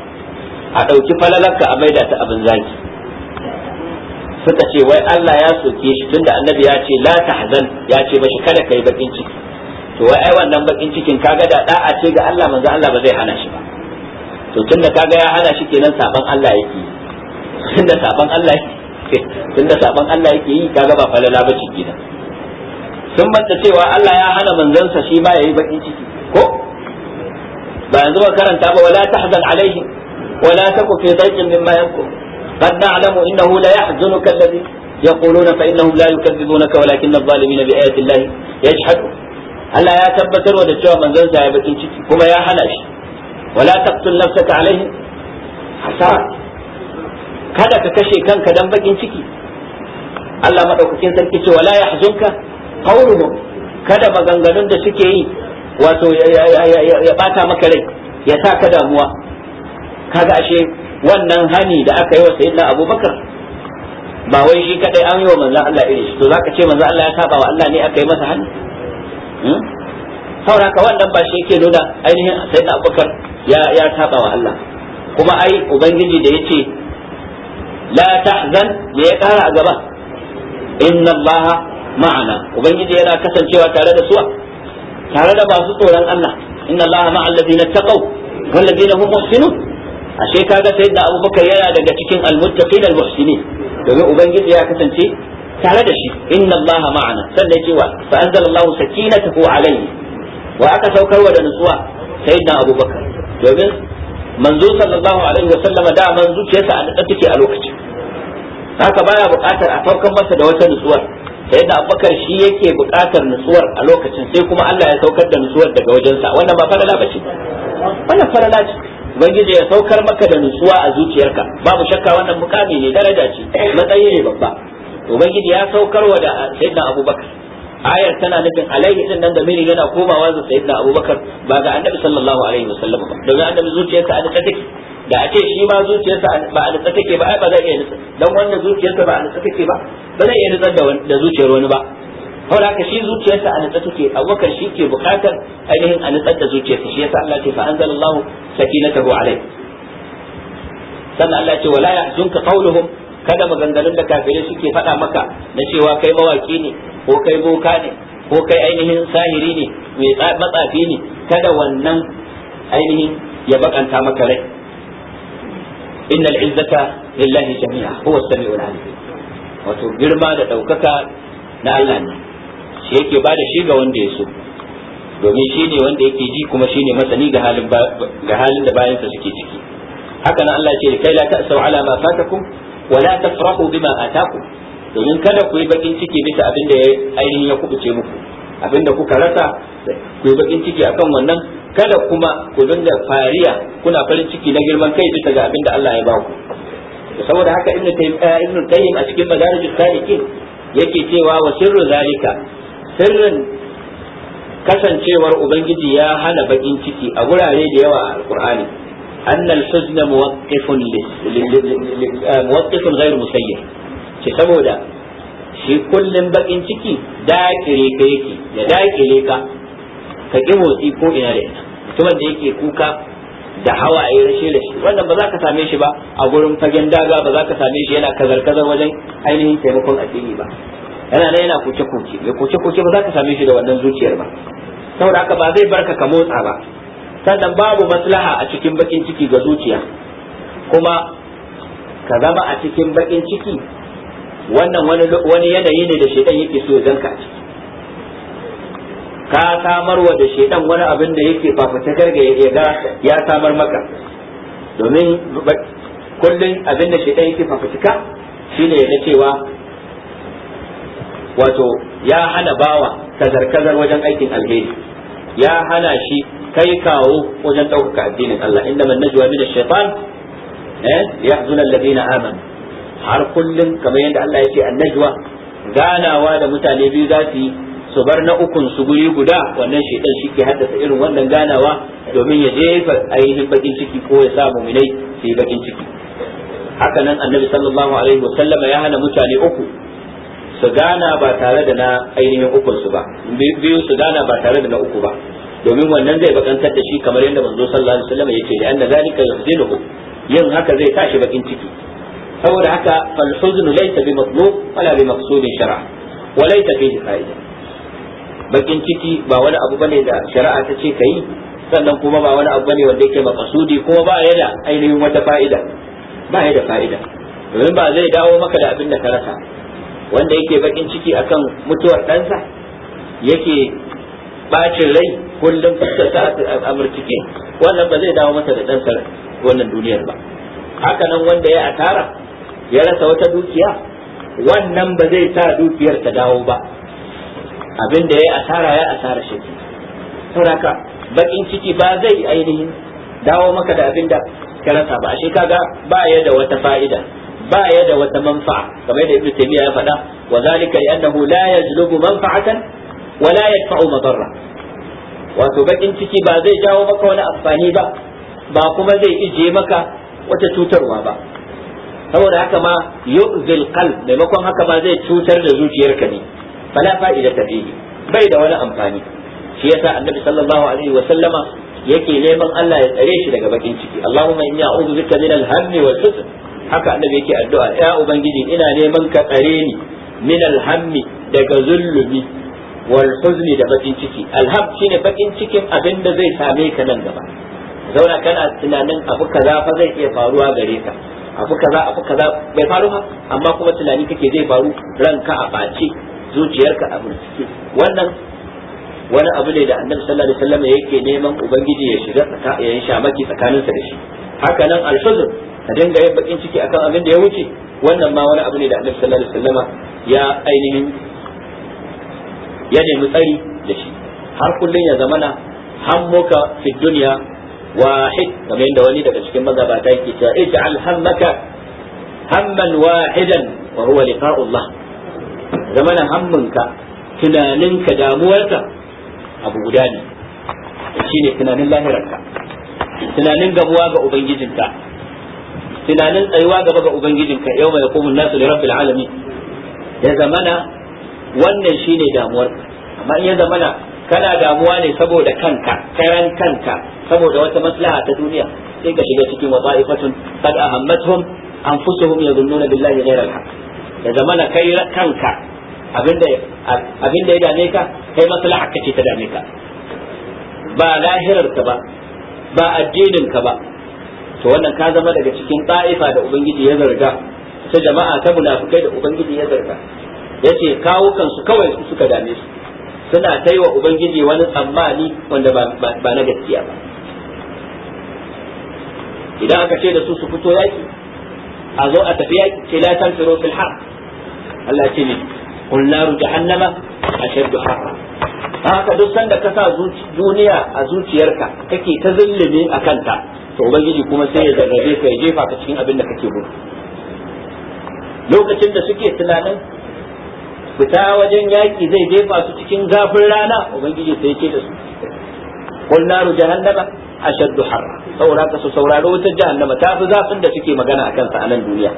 a dauki falalarka a maida ta abin zaki suka ce wai Allah ya soke shi tunda annabi ya ce la tahzan ya ce mashi kada kai bakin ciki to wai ai wannan bakin cikin kaga da da'a ce ga Allah manzo Allah ba zai hana shi ba to tunda kaga ya hana shi kenan saban Allah yake tunda saban Allah tunda saban Allah yake yi kaga ba falala ba ciki da sun manta cewa Allah ya hana manzansa shi ma yayi bakin ciki ko ba yanzu ba karanta ba wala tahzan alaihim wala taku fi dhaiqin mimma yankum قد نعلم إنه ليحزنك الذي يقولون فإنهم لا يكذبونك ولكن الظالمين بآيات الله يجحدون Allah ya tabbatar da cewa manzon sa ya bakin ciki kuma ya hana wala taqtul nafsaka alaihi hasara kada ka kashe kanka dan bakin ciki Allah madaukakin sarki ce wala yahzunka qawluhum kada maganganun da suke yi wato ya bata maka rai ya sa ka damuwa kaga ashe wannan hani da aka yi wa sayyidina abubakar ba wai shi kadai an yi wa manzon Allah irin shi to zaka ce manzon Allah ya saba wa Allah ne aka yi masa hani hmm? saboda haka wannan ba shi yake nuna ainihin sayyidina abubakar ya ya saba wa Allah kuma ai ubangiji da yace la tahzan me ya kara a gaba inna Allah ma'ana ubangiji yana kasancewa tare da suwa tare da masu tsoron Allah inna Allah ma'al ladina taqaw wal ladina hum muhsinun ashe kaga sayyidina abubakar yana daga cikin almuttaqin almuhsinin domin ubangiji ya kasance tare da shi inna allah ma'ana sannan cewa fa anzalallahu sakinatahu alayhi wa aka saukarwa da nutsuwa sayyidina abubakar domin manzo sallallahu alaihi wa sallama da man zuciyarsa a nada take a lokacin haka baya buƙatar a farkon masa da wata nutsuwar sayyidina abubakar shi yake buƙatar nutsuwar a lokacin sai kuma Allah ya saukar da nutsuwar daga wajensa wannan ba falala bace wannan farala ce ubangiji ya saukar maka da nutsuwa a zuciyarka babu shakka wannan mukami ne daraja ce matsayi ne babba ubangiji ya saukar wa da sayyidina abubakar ayar tana nufin alaihi din nan da miri yana komawa da sayyidina abubakar ba ga annabi sallallahu alaihi wasallam ba domin annabi zuciyarsa a nutsa take da a ce shi ma zuciyarsa ba a nutsa take ba ai ba zai iya nutsa dan wanda zuciyarsa ba a nutsa take ba ba zai iya nutsar da zuciyar wani ba saboda haka shi zuciyarsa a nutsa take abubakar shi ke bukatar ainihin a nutsar da zuciyarsa shi yasa Allah ce fa anzalallahu sakinatahu alai sannan Allah ce wala yahzunka qawluhum kada maganganun da kafirai suke faɗa maka na cewa kai mawaki ne ko kai boka ne ko kai ainihin sahiri ne mai matsafi ne kada wannan ainihin ya bakanta maka rai jami'a wato girma da ɗaukaka na Allah shi yake bada shi ga wanda ya so domin shi ne wanda yake ji kuma shi ne masani ga halin da bayansa suke ciki haka na Allah ce kai la ta'sau ala ma fatakum wa la tafrahu bima ataakum domin kada ku yi bakin ciki bisa abin da ainihin ya kubuce muku abin da kuka rasa ku yi bakin ciki akan wannan kada kuma ku dinga fariya kuna farin ciki na girman kai bisa ga abin da Allah ya baku saboda haka ibnu tayyib eh, a cikin madarijus salikin yake cewa wa sirru zalika sirrin kasancewar ubangiji ya hana bakin ciki a gurare da yawa a alkur'ani annal الحزن موقف muwaqqifun ghayr مسير ce saboda shi kullum bakin ciki kire ka yake ya kire ka ka ki motsi ko ina da ina mutumin da yake kuka da hawaye rashe da shi wannan ba za ka same shi ba a gurin fagen daga ba za ka same shi yana kazar kazar wajen ainihin taimakon addini ba yana da yana koke koke mai koke koke ba za ka same shi da wannan zuciyar ba saboda haka ba zai barka ka motsa ba sannan babu maslaha a cikin bakin ciki ga zuciya kuma ka zama a cikin bakin ciki wannan wani yanayi ne da shaidan yake so ya zanka a ciki ka samarwa da shaidan wani abin da yake fafatakar ga ya ga ya samar maka domin kullum abin da shaidan yake fafutuka shine na cewa wato ya hana bawa kazar-kazar wajen aikin alheri ya hana shi kai kawo wajen ɗaukaka addinin Allah inda man najwa min ash-shaytan eh yahzuna alladhina amanu har kullum kamar yadda Allah ya ce annajwa ganawa da mutane biyu za su su bar na ukun su guri guda wannan shaitan shi ke haddasa irin wannan ganawa domin ya jefa ainihin bakin ciki ko ya sa minai su yi bakin ciki haka nan annabi sallallahu alaihi wa ya hana mutane uku su gana ba tare da na ainihin uku su ba biyu su gana ba tare da na uku ba domin wannan zai bakantar da shi kamar yadda manzo sallallahu alaihi wasallam yake da anna zalika yuhzinuhu yin haka zai tashi bakin ciki saboda haka fal huznu laysa bi matlub wala bi maqsud shar'a wa laysa fihi fa'ida bakin ciki ba wani abu bane da shari'a ta ce kai sannan kuma ba wani abu bane wanda yake maqsudi kuma ba ya ainihin wata fa'ida ba ya da fa'ida domin ba zai dawo maka da abin da ka rasa wanda yake bakin ciki akan mutuwar ɗansa yake bacin rai kullum fuskarsa a amurtike wannan ba zai dawo masa da ɗansa wannan duniyar ba haka nan wanda ya asara ya rasa wata dukiya wannan ba zai sa dukiyar ta dawo ba abin da ya asara ya asara shi saboda bakin ciki ba zai ainihin dawo maka da abin da ka rasa ba A kaga ba ya da wata fa'ida ba ya da wata manfa'a kamar yadda ibnu taymiya ya faɗa wa zalika li'annahu la yajlubu manfa'atan wa la yadfa'u madarra wato bakin ciki ba zai jawo maka wani amfani ba ba kuma zai ije maka wata cutarwa ba saboda haka ma yu'zil qalb maimakon haka ma zai cutar da zuciyarka ne fala fa'ida ta fihi bai da wani amfani shi yasa annabi sallallahu alaihi wa sallama yake neman Allah ya tsare shi daga bakin ciki Allahumma inni a'udhu bika min al-hammi wal haka annabi yake addu'a ya ubangiji ina neman ka tsare ni min alhammi daga zullumi, wal huzni da bakin ciki alham shine bakin cikin abin da zai same ka nan gaba zauna kana tunanin abu kaza fa zai iya faruwa gare ka abu kaza abu kaza bai faru ba amma kuma tunani kake zai faru ranka a ɓace zuciyarka a murtuke wannan wani abu ne da annabi sallallahu alaihi wasallam yake neman ubangiji ya shiga tsaka ya shamaki tsakaninsa da shi haka nan alhuzn ka dinga yin bakin ciki akan abin da ya wuce wannan ma wani abu ne da annabi sallallahu alaihi wasallama ya ainihin ya nemi tsari da shi har kullun ya zamana hammuka fi dunya wahid kamar yadda wani daga cikin mazabata yake cewa ij'al hammaka hamman wahidan wa huwa liqa'ullah zamana hammunka tunaninka damuwarka abu guda ne shine tunanin lahirarka tunanin gabuwa ga ubangijinka tunanin tsayuwa gaba ga ubangijinka yau mai yaqumun nasu li rabbil alamin ya zamana wannan shine damuwar amma in ya zamana kana damuwa ne saboda kanka karan kanka saboda wata maslaha ta duniya sai ka shiga cikin ifatun qad ahammatuhum anfusuhum yadhunnuna billahi ghayra al ya zamana kai kanka abinda abinda ya dame ka kai maslaha kace ta dame ka ba lahirar ka ba ba addinin ka ba to wannan ka zama daga cikin ta'ifa da ubangiji ya zarga ta jama'a ta munafikai da ubangiji ya zarga yace kawukan su kawai su suka dame su suna taiwa ubangiji wani tsammani wanda ba na gaskiya ba idan aka ce da su su fito yaki a zo a tafi yaki ce la tanfiru fil har Allah ce ne qul naru jahannama ashaddu harra haka duk sanda ka sa duniya a zuciyarka kake ta zullume a kanta to ubangiji kuma sai ya zarrabe ka ya jefa ka cikin abin da kake gudu lokacin da suke tunanin fita wajen yaki zai jefa su cikin zafin rana ubangiji sai ce da su kun naru jahannama ashaddu harra saura ka su sauraro wutar jahannama ta fi zafin da suke magana a kansa a nan duniya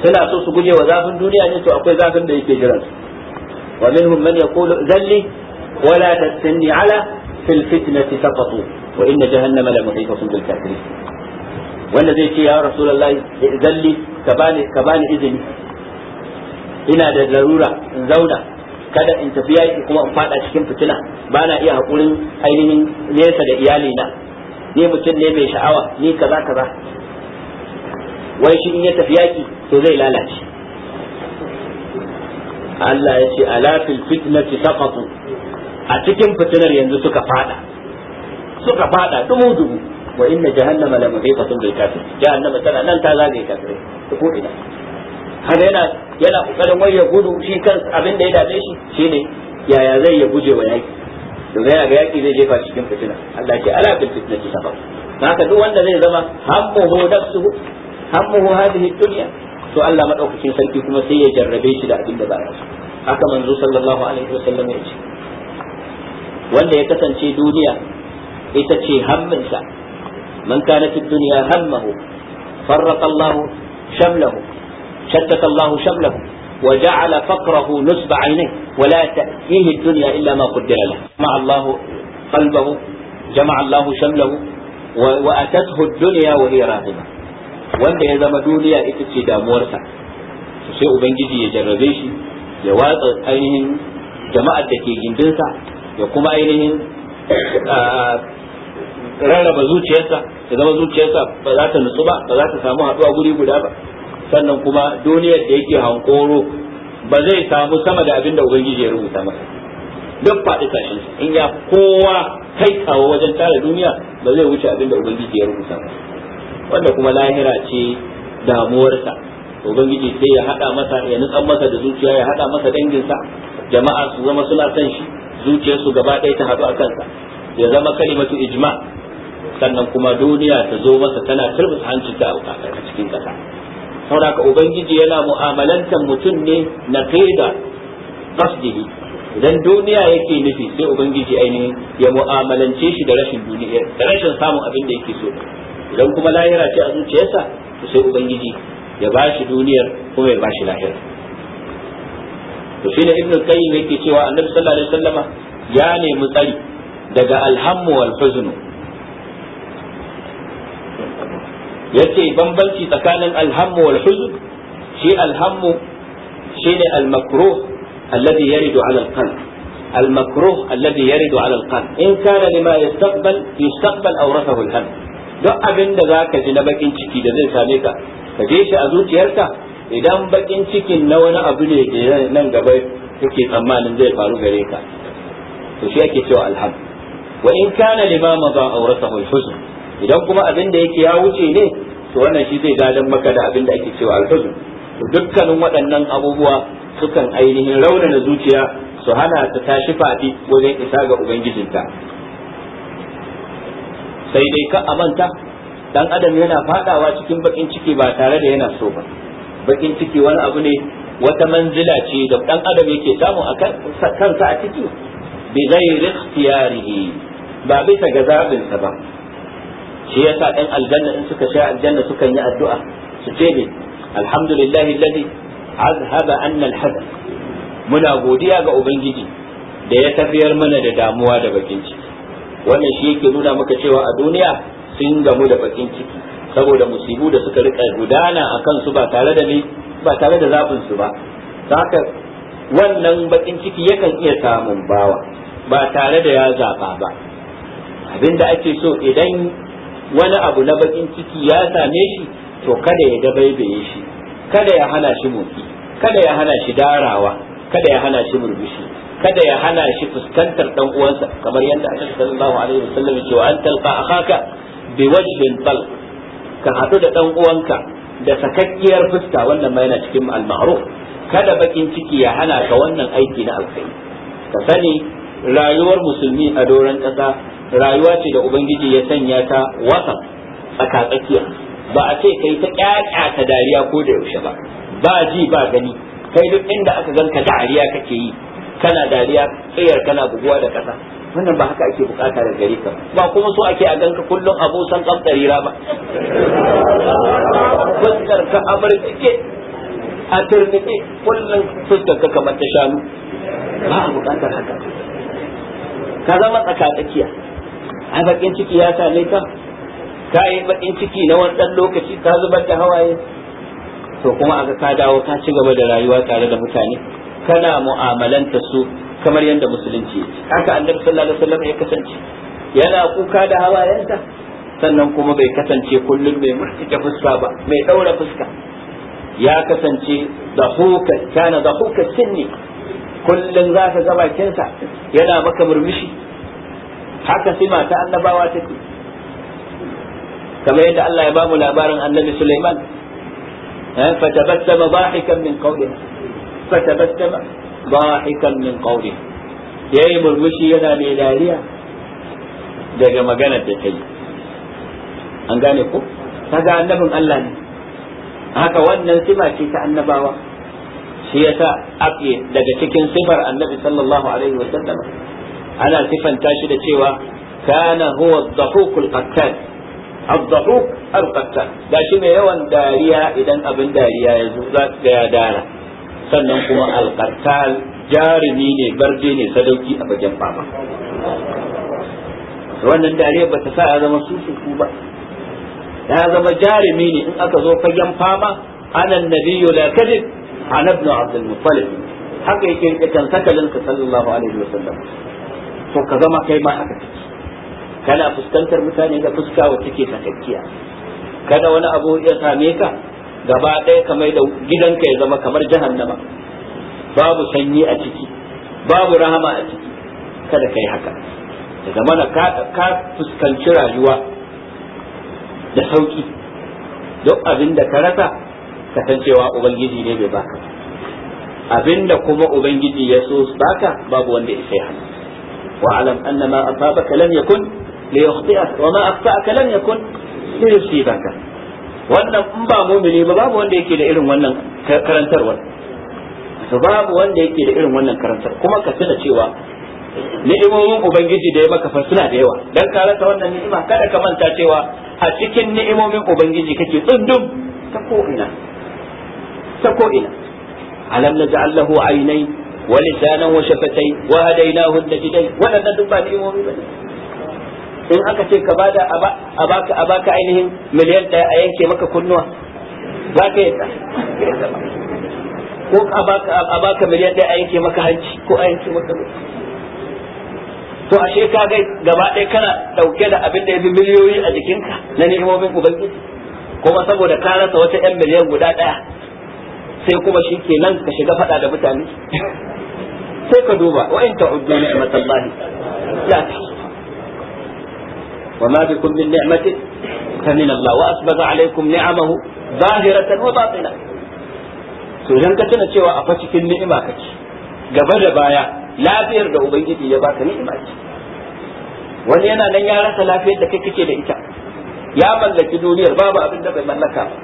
suna so su guje wa zafin duniya ne to akwai zafin da yake jiran su minhum man yaqulu zalli wala تستني ala fil fitnati سقطوا wa inna jahannama la muhitatun bil kafirin wanda zai ce ya rasulullahi zalli ka bani ka bani izini ina da larura in zauna kada in tafi yaƙi kuma in fada cikin fitina ba na iya haƙurin ainihin nesa da iyalina ni mutum ne mai sha'awa ni kaza kaza wai shi in ya tafi yaki to zai lalace Allah ya ce alafil fil fitnati saqatu a cikin fitinar yanzu suka fada suka fada dubu dubu wa inna jahannama la muhitatun bil kafir jahannama tana nan ta zagaye kafirai ta ko ina haka yana yana kokarin wai ya gudu shi kan abin da ya dace shi shine yaya zai ya guje wa yaki domin yana ga yaki zai jefa cikin fitina Allah ke ala bil ta sabab haka duk wanda zai zama hammuhu nafsuhu hammuhu hadhihi dunya to Allah madaukakin sarki kuma sai ya jarrabe shi da abin da ba ya so haka manzo sallallahu alaihi wasallam ya ce wanda ya kasance duniya ita ce hamminsa man kana fi dunya hammahu farraqa Allah shamlahu shattata Allah shamlahu wa ja'ala faqrahu nusba aynayhi wa la ta'tihi ad-dunya illa ma qaddara lahu ma Allah qalbahu jama'a Allah shamlahu wa atathu ad-dunya wa hiya rahima wanda ya zama duniya ita ce damuwarsa sai ubangiji ya jarrabe shi ya watsa ainihin jama'ar da ke gindinsa ya kuma ainihin ah, rarraba zuciyarsa ya zama zuciyarsa ba za ta nutsu ba ba za ta samu haɗuwa guri guda ba sannan kuma duniyar da yake hankoro ba zai samu sama da abin da ubangiji ya rubuta masa duk faɗi tashin in ya kowa kai kawo wajen tara duniya ba zai wuce abin da ubangiji ya rubuta masa wanda kuma lahira ce damuwarsa ubangiji sai ya haɗa masa ya nutsan masa da zuciya ya haɗa masa danginsa jama'a su zama suna son shi zuciyarsu gaba ɗaya ta haɗu a kansa ya zama kalimatu ijma' sannan kuma duniya ta zo masa tana turbus hancinta a cikin kasa. saboda ubangiji yana mu'amalantar mutum ne na qida qasdihi idan duniya yake nufi sai ubangiji ainihin ya mu'amalance shi da rashin duniya da rashin samun abin da yake so idan kuma lahira ce a zuciyarsa to sai ubangiji ya ba shi duniyar kuma ya ba shi lahira to ne ibn qayyim yake cewa annabi sallallahu alaihi wasallama ya nemi tsari daga alhammu wal huznu yace bambanci tsakanin alhammu wal huzn shi alhammu shine al alladhi yaridu ala al-qalb al alladhi yaridu ala al-qalb in kana lima yastaqbal yastaqbal awrathahu al-ham duk abinda da zaka ji na bakin ciki da zai same ka ka je shi a zuciyarka idan bakin cikin na abu ne da nan gaba kake tsammanin zai faru gare ka to shi ake cewa alham wa in idan kuma abin da yake ya wuce ne to wannan shi zai dalin maka da abin da ake cewa alfazu to dukkanin waɗannan abubuwa sukan ainihin raunana zuciya su hana ta tashi faɗi wajen isa ga ubangijinta sai dai ka amanta dan adam yana fadawa cikin bakin ciki ba tare da yana so ba bakin ciki wani abu ne wata manzila ce da dan adam yake samu a kansa a ciki bi ghairi ikhtiyarihi ba bisa ga zabinsa ba shi yasa ɗan aljanna in suka sha aljanna sukan yi addu'a su ce ne alhamdulillah alladhi azhaba anna alhazan muna godiya ga ubangiji da ya tafiyar mana da damuwa da bakin ciki wannan shi yake nuna maka cewa a duniya sun gamu da bakin ciki saboda musibu da suka rika gudana a kansu ba tare da ni ba tare da zabin su ba haka wannan bakin ciki yakan iya samun bawa ba tare da ya zaba ba abinda ake so idan wani abu na bakin ciki ya same shi to kada ya dabaibaye shi kada ya hana shi motsi kada ya hana shi darawa kada ya hana shi murmushi kada ya hana shi fuskantar dan uwansa kamar yadda Annabi sallallahu alaihi wasallam ya ce wa anta akhaka bi wajhin talq ka hadu da dan uwanka da sakakkiyar fuska wannan ma yana cikin al-ma'ruf kada bakin ciki ya hana ka wannan aiki na alkhairi ka sani rayuwar musulmi a doron kasa rayuwa ce da ubangiji ya sanya ta wasa tsakatsakiya ba a ce kai ta kyakya ta dariya ko da yaushe ba ba ji ba gani kai duk inda aka gan ka dariya kake yi kana dariya tsayar kana buguwa da ƙasa wannan ba haka ake bukata da gare ka ba kuma so ake a ganka kullum abosan kamtsarira ba fuskar ka cike a turnike kullum fuskar ka kamar ta shanu ba a bukatar haka ka zama tsakatsakiya ai bakin ciki ya same ka ka yi bakin ciki na wani dan lokaci ka zubar da hawaye to kuma aga ka dawo ka ci gaba da rayuwa tare da mutane kana mu'amalanta su kamar yadda musulunci haka annabi sallallahu alaihi wasallam ya kasance yana kuka da hawayenta sannan kuma bai kasance kullum mai da fuska ba mai daura fuska ya kasance huka kana huka sinni kullum zaka ga bakinsa yana maka murmushi haka sima ta annabawa take kamar yadda Allah ya bamu labarin annabi Sulaiman eh, fatabassama dahikan min qawlihi fatabassama dahikan min qawlihi yayi murmushi yana mai dariya daga magana da kai. yi an gane ko kaga annabin Allah ne haka wannan sifa ce ta annabawa shi yasa daga cikin sifar annabi sallallahu alaihi wa sallam ana sifanta shi da cewa kana huwa dhahukul qattan الضحوك القتال shi mai yawan dariya idan abin dariya ya zo za ga ya dara sannan kuma alqattal jarumi ne barde ne sadauki a bagen fama wannan dariya ba ta sa ya zama susuku ba ya zama jarumi ne in aka zo fagen fama Anan nabiyyu la haka yake rike kan sallallahu alaihi to ka zama kai ma haka take kana fuskantar mutane da fuska wa take sakakkiya kada wani abu ya same ka gaba ɗaya ka mai da gidanka ya zama kamar jahannama babu sanyi a ciki babu rahama a ciki kada kai haka da na ka fuskanci rayuwa da sauki duk abin da ka rasa kasancewa ubangiji ne bai baka abin da kuma ubangiji ya so baka babu wanda ya sai hannu واعلم ان ما اصابك لم يكن ليخطئك وما اخطاك لم يكن ليصيبك wannan in ba mumini ba babu wanda yake da irin wannan karantarwar to babu wanda yake da irin wannan karantar kuma ka tuna cewa ni'imomin ubangiji da ya maka fa suna da yawa dan ka rasa wannan ni'ima kada ka manta cewa a cikin ni'imomin ubangiji kake tsundum ta ko ina ta ko ina alam naj'al lahu aynayn wa ولسانا وشفتين وهديناه النجدين ولا ندبا نيمومي بني in aka ce ka bada a abaka a baka ainihin miliyan ɗaya a yanke maka kunnuwa Ba ka yadda. ko abaka baka miliyan ɗaya a yanke maka hanci ko a yanke maka to ashe ka ga gaba ɗaya kana ɗauke da abin da ya fi miliyoyi a jikinka na ni'imomin ubangiji kuma saboda ka rasa wata 'yan miliyan guda ɗaya sai kuma shi ke nan ka shiga faɗa da mutane sai ka duba wa in ta'uddu ni'matallahi wa ma bikum min ni'matin fa min Allah wa asbaga alaykum ni'amahu zahiratan wa batina to ka tuna cewa a cikin ni'ima gaba da baya lafiyar da ubangiji ya baka ni'ima ce wani yana nan ya rasa lafiyar da kai kake da ita ya mallaki duniyar babu abin da bai mallaka ba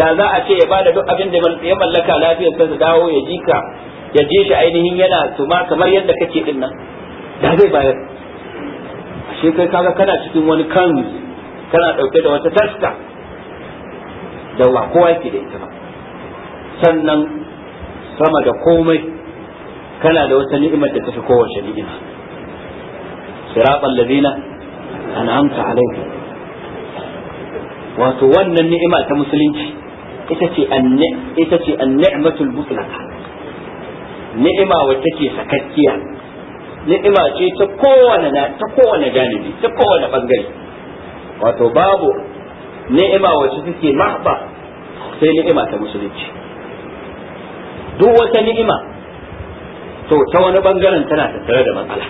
da za a ce ya bada duk abin da ya mallaka lafiyar sa dawo ya ji ya je shi ainihin yana tuma kamar yadda kake din nan da zai bayar shi kai kaga kana cikin wani kan kana dauke da wata taska da wa kowa yake da ita ba sannan sama da komai kana da wata ni'imar da tafi kowace ni'ima siratal ladina an'amta alaihim wato wannan ni'ima ta musulunci ita ce ita ce nimatul ni'ima wacce ke sakakkiya ni'ima ce ta kowane ta kowane janibi ta kowane bangare wato babu ni'ima wacce take mahba sai ni'ima ta musulunci duk wata ni'ima to ta wani bangaren tana tattare da matsala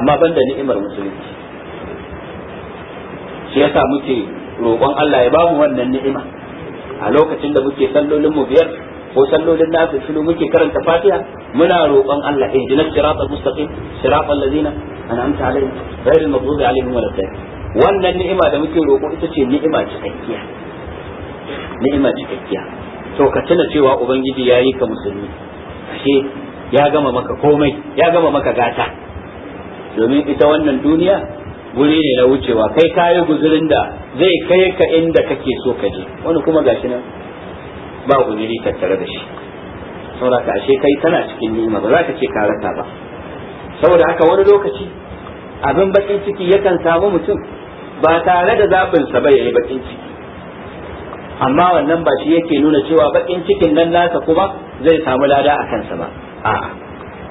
amma banda ni'imar musulunci shi yasa muke roƙon Allah ya bamu wannan ni'ima a lokacin da muke sallolin mu biyar ko sallolin nasu aka muke karanta fatiha muna roƙon Allah ihdinas siratal mustaqim siratal ladzina an'amta alaihim ghayril maghdubi alaihim waladdallin wannan ni'ima da muke roƙo ita ce ni'ima cikakkiya ni'ima cikakkiya to ka tuna cewa ubangiji ya yi ka musulmi ashe ya gama maka komai ya gama maka gata domin ita wannan duniya wuri ne na wucewa kai kayi guzurin da zai kai ka inda kake so ka je wani kuma gashi nan ba guzuri tattare da shi saboda ka ashe kai tana cikin ni'ima ba za ka ce ka rasa ba saboda haka wani lokaci abin bakin ciki yakan samu mutum ba tare da zabin sa ba yayi bakin ciki amma wannan ba shi yake nuna cewa bakin cikin nan nasa kuma zai samu lada a kansa ba a'a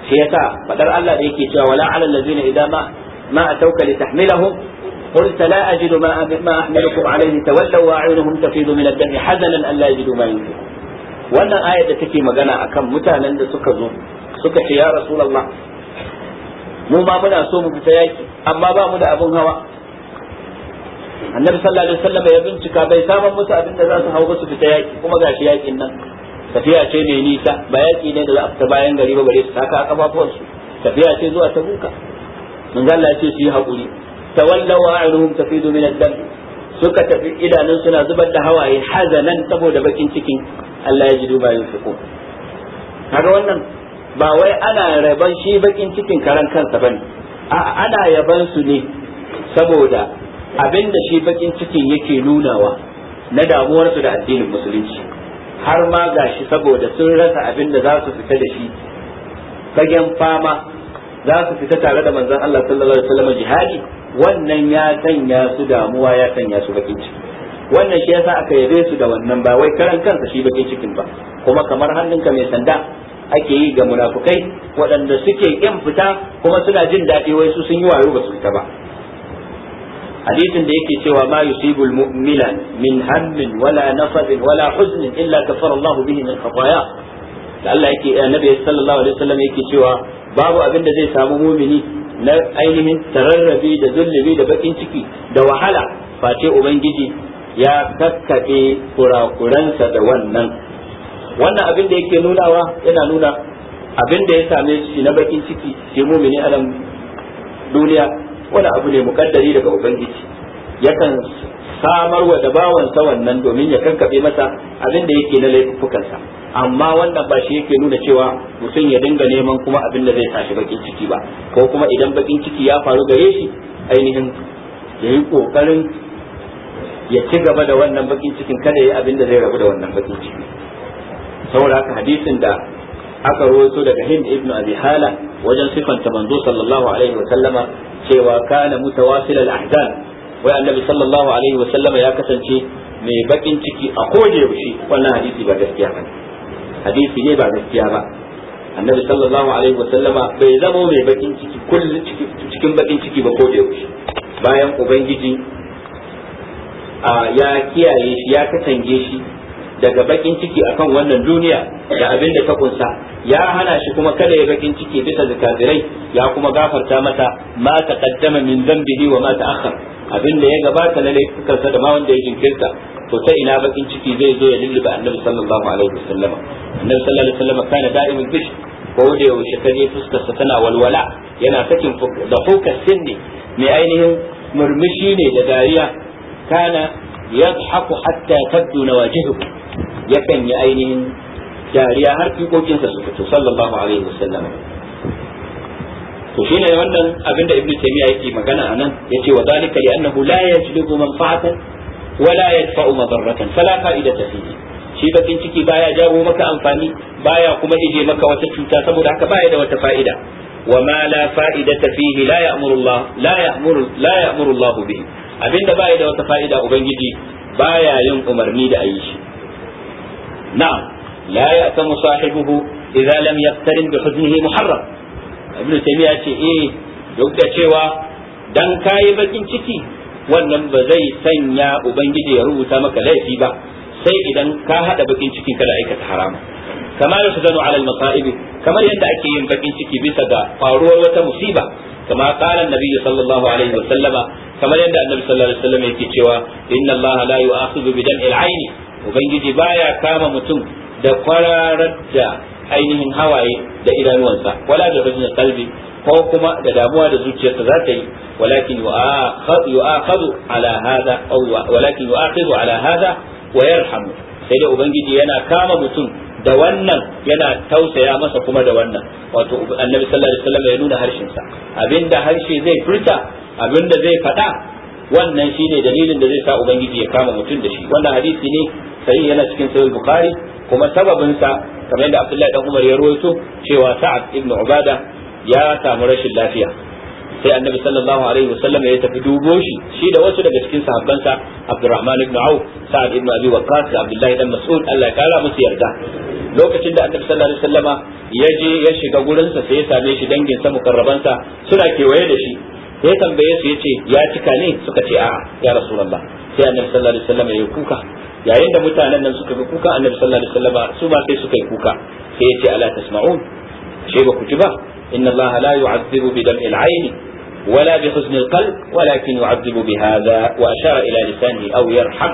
shi yasa fadar Allah da yake cewa wala alal ladina idama ما أتوك لتحملهم قلت لا أجد ما ما أحملكم عليه تولوا وأعينهم تفيض من الدم حزنا ألا يجدوا ما ينفقون wannan ayar da take magana akan mutanen da suka zo suka ce ya mu ma muna so mu fita yaki amma ba mu da abin hawa annabi sallallahu alaihi wasallam ya bincika bai samu musu abin da za su hau su fita yaki kuma gashi yakin nan tafiya ce mai nisa ba yaki ne da za a fita bayan gari ba bare su taka a kafafuwansu tafiya ce zuwa ta buka manzo Allah ya ce su yi hakuri tawallaw a'yunuhum tafidu min ad-dam suka tafi idanun suna zubar da hawaye hazanan saboda bakin cikin Allah ya ji duba ko. kaga wannan ba wai ana rabon shi bakin cikin karan kansa bane a ana yaban su ne saboda abinda shi bakin cikin yake nunawa na damuwarsu da addinin musulunci har ma gashi saboda sun rasa abin da za su fita da shi fagen fama za su fita tare da manzon Allah sallallahu alaihi wasallam jihadi wannan ya sanya su damuwa ya sanya su bakin ciki wannan shi yasa aka yabe su da wannan ba wai karan kansa shi bakin cikin ba kuma kamar hannunka mai sanda ake yi ga munafukai waɗanda suke kin fita kuma suna jin daɗi wai su sun yi wayo ba su fita ba hadisin da yake cewa ma yusibul mu'mina min hammin wala nasabin wala huznin illa kafara Allah bihi min khataaya da Allah yake annabi sallallahu alaihi wasallam yake cewa babu abin da zai samu mumini na ainihin tararrabi da zullubi da bakin ciki da wahala face ubangiji ya kakkaɓe kurakuransa da wannan wannan abin da yake nunawa yana nuna abin da ya same shi na bakin ciki shi mumini a duniya wani abu ne mukaddari daga ubangiji yakan samarwa da bawansa wannan domin ya kakkaɓe masa abin da yake na laifukansa. amma wannan ba shi yake nuna cewa mutum ya dinga neman kuma abin da zai tashi bakin ciki ba ko kuma idan bakin ciki ya faru gare shi ainihin ya yi kokarin ya ci gaba da wannan bakin cikin kada ya yi abin da zai rabu da wannan bakin ciki saboda haka hadisin da aka rawaito daga Hind ibn Abi Hala wajen sifanta manzo sallallahu alaihi wa sallama cewa kana mutawasil al-ahzan wai annabi sallallahu alaihi wa sallama ya kasance mai bakin ciki a koda yaushe wannan hadisi ba gaskiya bane hadisi ne ba gaskiya ba annabi sallallahu alaihi wasallama bai zama mai bakin ciki kullum cikin bakin ciki ba ko da yaushe bayan ubangiji ya kiyaye shi ya katange shi daga bakin ciki akan wannan duniya da abin da ta kunsa ya hana shi kuma kada ya bakin ciki bisa zakazirai ya kuma gafarta mata ma taqaddama min dhanbihi wa ma ta'akhkhar abin da ya gabata na laifukansa da ma wanda ya jinkirta to ta ina bakin ciki zai zo ya lulluba annabi sallallahu alaihi wasallam annabi sallallahu alaihi wasallam kana da'imul bish ko da yaushe kaje fuskarsa tana walwala yana sakin da fukar sinni mai ainihin murmushi ne da dariya kana yadhaku hatta waje nawajihu yakan yi ainihin dariya har tukokinsa su fito sallallahu alaihi wasallam to shine wannan abinda ibnu taymiya yake magana anan yace wa zalika li annahu la yajlibu manfa'atan wa la yadfa'u madarratan fala fa'idata fihi shi bakin ciki baya jawo maka amfani baya kuma ije maka wata cuta saboda haka baya da wata fa'ida wa ma la fa'idata fihi la ya'muru Allah la ya'muru la ya'muru Allah bihi abinda baya da wata fa'ida ubangiji baya yin umarni da ayi shi na'am la ya'tamu sahibuhu idza lam yaqtarin bi huznihi muharram ibn taymiya ce eh duk cewa dan kayi bakin ciki wannan ba zai sanya ubangiji ya rubuta maka laifi ba sai idan ka haɗa bakin ciki kada aikata harama kamar yadda zanu alal masaibi kamar yadda ake yin bakin ciki bisa ga faruwar wata musiba كما قال النبي صلى الله عليه وسلم كما يدعى النبي صلى الله عليه وسلم يكي إن الله لا يؤاخذ ubangiji baya kama mutum da kwararar da ainihin hawaye da idanuwansa wala da rajin kalbi ko kuma da damuwa da zuciyarsa za ta yi walakin yu'akhadhu ala hada aw walakin yu'akhadhu ala hada wa yarhamu sai da ubangiji yana kama mutum da wannan yana tausaya masa kuma da wannan wato annabi sallallahu alaihi wasallam ya nuna harshensa abinda harshe zai furta abinda zai faɗa wannan shine dalilin da zai sa ubangiji ya kama mutum da shi wannan hadisi ne sai yana cikin sahih bukhari kuma sababin sa kamar yadda abdullahi dan umar ya rawaito cewa sa'ad ibn ubada ya samu rashin lafiya sai annabi sallallahu alaihi wasallam ya tafi dubo shi shi da wasu daga cikin sahabbansa abdurrahman ibn auf sa'ad ibn abi waqqas da abdullahi dan mas'ud Allah ya kara musu yarda lokacin da annabi sallallahu alaihi wasallama ya je ya shiga gurinsa sai ya same shi dangin sa suna kewaye da shi sai tambaye su yace ya cika ne suka ce a'a ya rasulullah sai annabi sallallahu alaihi wasallam ya kuka yayin da mutanen nan suka ga kuka annabi sallallahu alaihi wasallam su ba sai suka yi kuka sai yace ala tasma'un shi ba ku ji ba inna allah la yu'azzibu bi dam'il ayn ولا بحزن القلب ولكن يعذب بهذا واشار الى لسانه او يرحم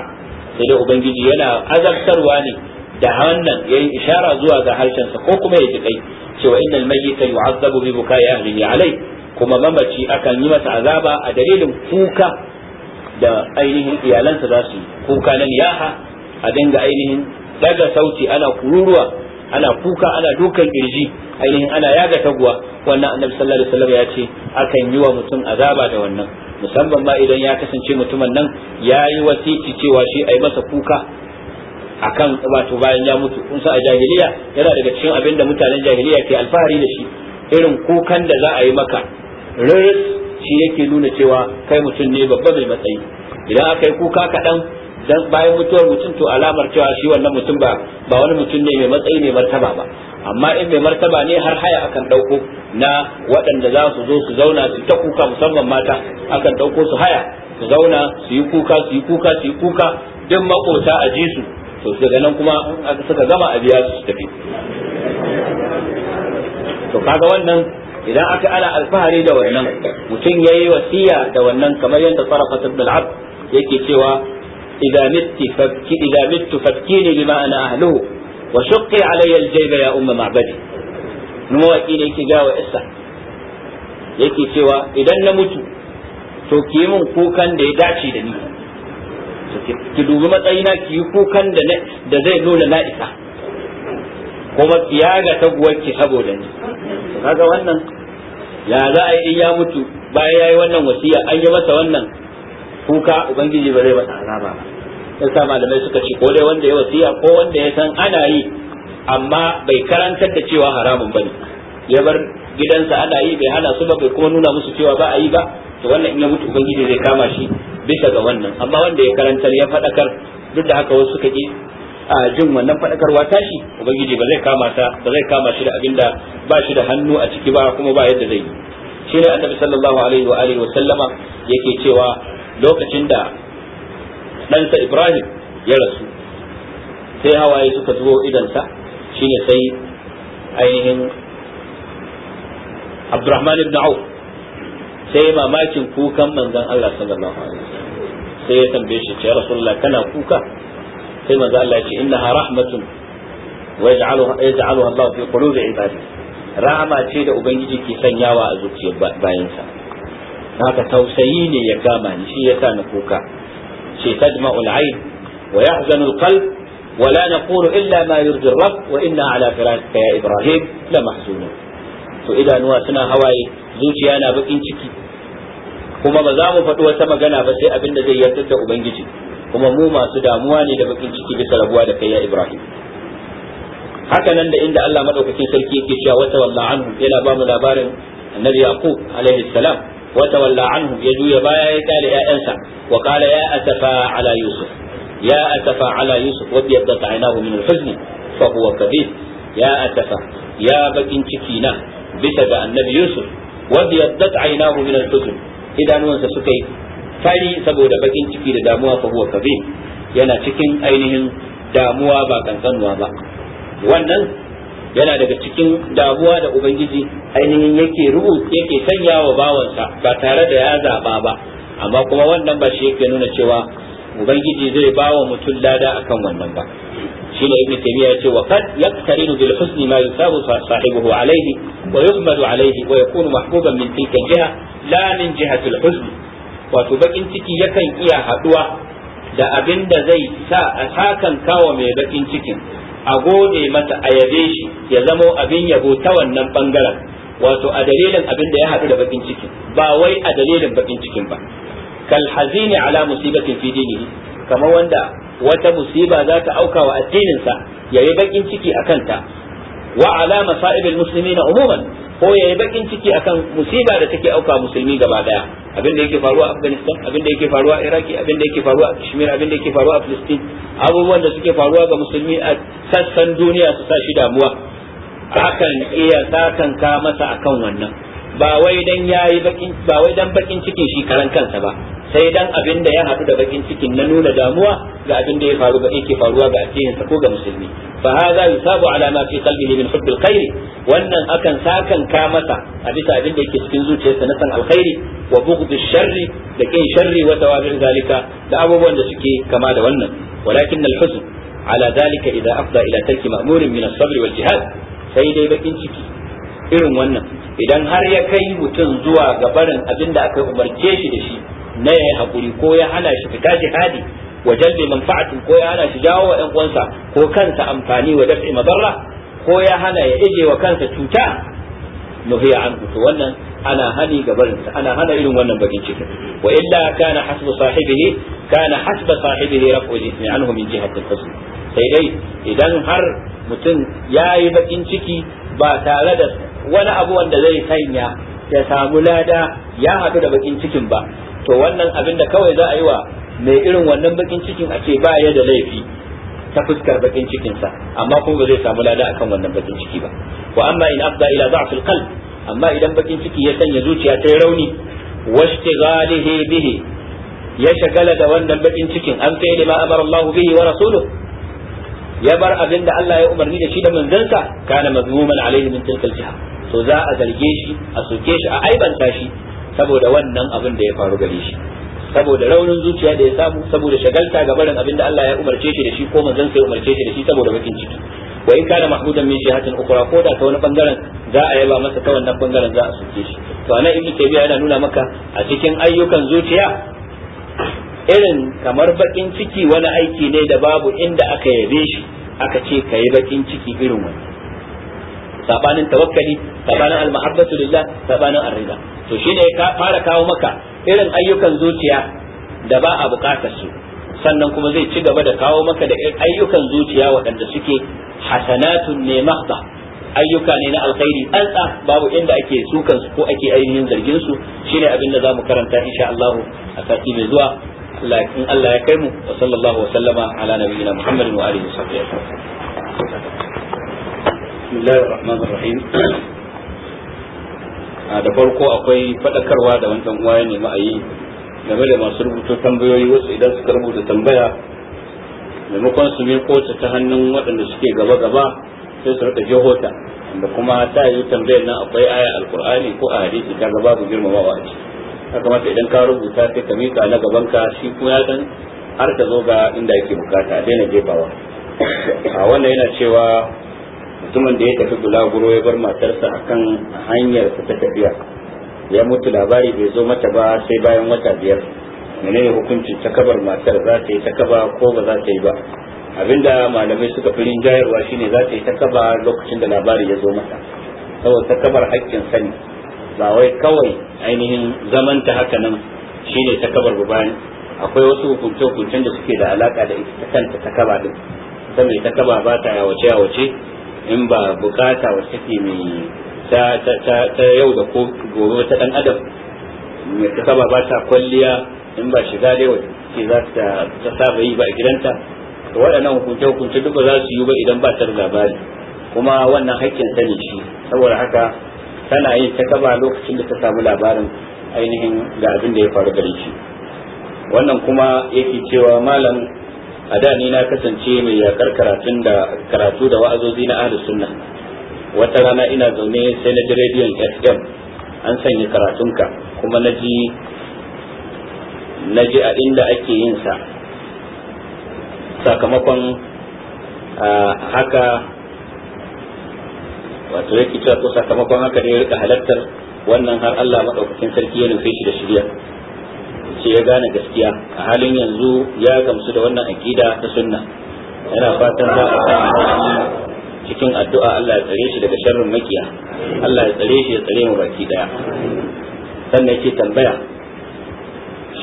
sai dai ubangiji yana azabtarwa ne da wannan yayi ishara zuwa ga sa ko kuma ya ji kai cewa innal mayyita yu'azzabu bi bukai ahlihi alai kuma mamaci akan yi masa azaba a dalilin kuka da ainihin iyalansa za su kuka na niyaha a dinga ainihin daga sauti ana kururuwa ana kuka ana dukan kirji ainihin ana yaga taguwa wannan annabi sallallahu alaihi wasallam ya ce akan yi wa mutum azaba da wannan musamman ma idan ya kasance mutumin nan ya yi wasici cewa shi ai masa kuka akan wato bayan ya mutu kun sa a jahiliya yana daga cikin abinda mutanen jahiliya ke alfahari da shi irin kukan da za a yi maka ris shi yake nuna cewa kai mutum ne babba mai matsayi idan akai kuka kaɗan dan bayan mutuwar mutum to alamar cewa shi wannan mutum ba ba wani mutum ne mai matsayi mai martaba ba amma in mai martaba ne har haya akan ɗauko na waɗanda za su zo su zauna su ta kuka musamman mata akan ɗauko su haya su zauna su yi kuka su yi kuka su yi kuka duk makota a ji su to daga nan kuma suka gama a biya su tafi to kaga wannan idan aka ana alfahari da wannan mutum yayi wasiya da wannan kamar yadda sarrafa ibn al-abd yake cewa idza mitti fakki idza mittu fakkini bima ana ahluhu wa shaqqi alayya al ya umma ma'badi waki ne yake gawa isa yake cewa idan na mutu to ki yi kukan da ya dace da ni ki dubi matsayina ki yi kukan da zai nuna na isa kuma ga taguwarki saboda ni kaga wannan ya za a yi in ya mutu bayan ya yi wannan wasiya an yi masa wannan kuka ubangiji ba zai masa azaba ba sa malamai suka ce ko dai wanda ya wasiya ko wanda ya san ana yi amma bai karantar da cewa haramun bane ya bar gidansa ana yi bai hana su ba bai kuma nuna musu cewa ba a yi ba to wannan in ya mutu ubangiji zai kama shi bisa ga wannan amma wanda ya karantar ya faɗakar duk da haka wasu suka ki a jin wannan fadakarwa tashi ubangiji ba zai kama ta ba zai kama shi da abinda ba shi da hannu a ciki ba kuma ba yadda zai yi shi ne annabi sallallahu alaihi wa alihi wa sallama yake cewa lokacin da sa Ibrahim ya rasu sai hawaye suka zo zubo sa shine sai ainihin Abdurrahman ibn Auf sai mamakin kukan manzon Allah sallallahu alaihi sallam sai ya tambaye shi ya Rasulullah kana kuka sai manzo Allah ya ce innaha rahmatun wa yaj'aluha Allah fi qulubi ibadi rahama ce da ubangiji ke sanyawa a zuciyar bayansa haka tausayi ne ya kama ni shi yasa na kuka ce tajma'u al-ayn wa yahzanu al wa la naqulu illa ma yurdi rabb wa inna ala firaqika ya ibrahim la mahzunun to idanuwa suna hawaye zuciya na bakin ciki kuma ba za mu faɗi wata magana ba sai abin da zai yarda da ubangiji kuma mu masu damuwa ne da bakin ciki bisa rabuwa da kai ya Ibrahim haka nan da inda Allah madaukakin sarki yake cewa wata walla anhu yana ba mu labarin annabi yaqub alaihi salam wata walla anhu ya juya baya ya kale ƴaƴansa wa qala ya atafa ala yusuf ya atafa ala yusuf wa biyaddat aynahu min al-huzn fa huwa kadhib ya atafa ya bakin ciki na bisa ga annabi yusuf wa biyaddat aynahu min al-huzn idanuwansa suka yi fari saboda bakin ciki da damuwa fa huwa kabir yana cikin ainihin damuwa ba kankanuwa ba wannan yana daga cikin damuwa da ubangiji ainihin yake ruhu yake sanya wa bawansa ba tare da ya zaba ba amma kuma wannan ba shi yake nuna cewa ubangiji zai bawa mutum lada akan wannan ba shi ne ibnu taymiya yace wa kad yaqtarinu bil husni ma yusabu sahibihi alayhi wa yuhmadu alayhi wa yakunu mahbuban min tilka jiha la min jihati al wato bakin ciki yakan iya haɗuwa da abin da zai sa a sakan kawo mai bakin cikin a gode mata a yabe shi ya zamo abin yabo ta wannan bangaren wato a dalilin abin da ya haɗu da bakin cikin ba wai a dalilin bakin cikin ba kal hazini ala musibatin fi dinihi kamar wanda wata musiba za ta auka wa addininsa ya yi bakin ciki a kanta wa ala masa'ib muslimina umuman ko ya yi bakin ciki akan musiba da take auka musulmi gaba daya abin da yake faruwa a Afghanistan abin da yake faruwa a Iraki abin da yake faruwa a Kashmir abin da yake faruwa a Palestine abubuwan da suke faruwa ga musulmi a sassan duniya su sa shi damuwa akan iya satanka masa akan wannan ba wai dan yayi bakin ba wai dan bakin cikin shi karan kansa ba sai dan abin da ya haɗu da bakin cikin na nuna damuwa ga abin da ya faru ba yake faruwa ga addinin sa ko ga musulmi fa hadha yusabu ala ma fi qalbihi min hubbil khair wannan akan sakan ka masa a bisa abin da yake cikin zuciyarsa na san alkhairi wa bughdish sharri da kin sharri wa tawabin zalika da abubuwan da suke kama da wannan walakin al-huzn ala zalika idza afda ila tarki ma'murin min as-sabr wal jihad sai dai bakin ciki irin wannan idan har ya kai mutum zuwa ga barin abin da aka umarce shi da shi na ya hakuri ko ya hana shi fita jihadi wa jalbi manfa'atin ko ya hana shi jawo wa 'yan uwansa ko kansa amfani wa daf'i madarra ko ya hana ya ije wa kansa cuta nuhiya an to wannan ana hani ga sa ana hana irin wannan bakin cikin wa illa kana hasbu sahibihi kana hasba sahibihi raf'u ismi anhu min jihati al-qasd sai dai idan har mutum yayi bakin ciki ba tare da wani abu wanda zai sanya ya samu lada ya haɗu da bakin cikin ba to wannan abin da kawai za a yi wa mai irin wannan bakin cikin a ce ba ya da laifi ta fuskar bakin cikinsa amma kuma ba zai samu lada akan wannan bakin ciki ba wa amma in afda ila da'fil qalb amma idan bakin ciki ya sanya zuciya ta rauni washtighalihi bihi ya shagala da wannan bakin cikin an kai ma amara Allah bihi wa rasuluhu ya bar abin da Allah ya umarni da shi da manzansa kana mazmuman alaihi min tilkal jiha to za a zarge shi a soke shi a aibanta shi saboda wannan abin da ya faru gare shi saboda raunin zuciya da ya samu saboda shagalta ga barin abin da Allah ya umarce shi da shi ko manzon sai umarce shi da shi saboda bakin ciki wa in kana mahmudan min jihatin ukhra ko da ta wani bangaren za a yaba masa ta wannan bangaren za a soke shi to anan ibnu taymiya yana nuna maka a cikin ayyukan zuciya irin kamar bakin ciki wani aiki ne da babu inda aka yabe shi aka ce kai bakin ciki irin wani sabanin tawakkali sabanin al-mahabbatu lillah sabanin ar-rida to shine ya fara kawo maka irin ayyukan zuciya da ba a bukatar su sannan kuma zai ci gaba da kawo maka da ayyukan zuciya waɗanda suke hasanatun ne mahda ayyuka ne na alkhairi tsantsa babu inda ake sukan su ko ake ainihin zargin su shine abin da zamu karanta insha Allah a sati mai zuwa in Allah ya kai mu wa sallallahu wa sallama ala nabiyyina Muhammadin wa alihi wa sahbihi bismillahir ah, da farko akwai fadakarwa da wannan uwa ya game da masu rubuta tambayoyi wasu idan suka rubuta tambaya maimakon su mi kota ta hannun waɗanda suke gaba gaba sai su rika jihota da kuma ta yi tambayar nan akwai aya alkur'ani ko a hadisi ta ga babu girmamawa a kamata idan ka rubuta sai ka na gaban ka shi kuma ya dan har ka zo ga inda yake bukata daina jefawa a ah, wannan yana cewa mutumin da ya tafi bulaguro ya bar matarsa kan hanyar ta tafiya ya mutu labari bai zo mata ba sai bayan wata biyar menene hukuncin takabar matar za ta yi takaba ko ba za ta yi ba abinda malamai suka fi rinjayarwa shine za ta yi takaba lokacin da labari ya zo mata saboda takabar haƙƙin sani ba wai kawai ainihin zaman ta haka nan shine takabar ba bayan akwai wasu hukunce hukuncen da suke da alaka da ita ta kanta takaba din ita mai takaba ba ta yawace yawace in ba bukata wa take mai ta yau da ko gobe ta dan adam mai ta saba ba ta kwalliya in ba shiga dai wacce za ta saba yi ba a gidanta to waɗannan hukunce hukunce duk ba za su yi ba idan ba ta labari kuma wannan haƙƙin ta ne shi saboda haka tana yin ta kaba lokacin da ta samu labarin ainihin ga abin da ya faru gare shi wannan kuma yake cewa malam a da ni na kasance mai yakar karatun da karatu da wa'azozi na ahlus sunna wata rana ina zaune sai na ji rediyon FM an sanya karatunka kuma na ji a inda ake yin sa sakamakon haka wato yake ko sakamakon haka ne ya rika halartar wannan har Allah madaukakin sarki ya nufe shi da shirya ce ya gane gaskiya a halin yanzu ya gamsu da wannan akida ta sunna yana fatan za a sa cikin addu'a Allah ya tsare shi daga sharrin makiya Allah ya tsare shi ya tsare mu baki daya sannan yake tambaya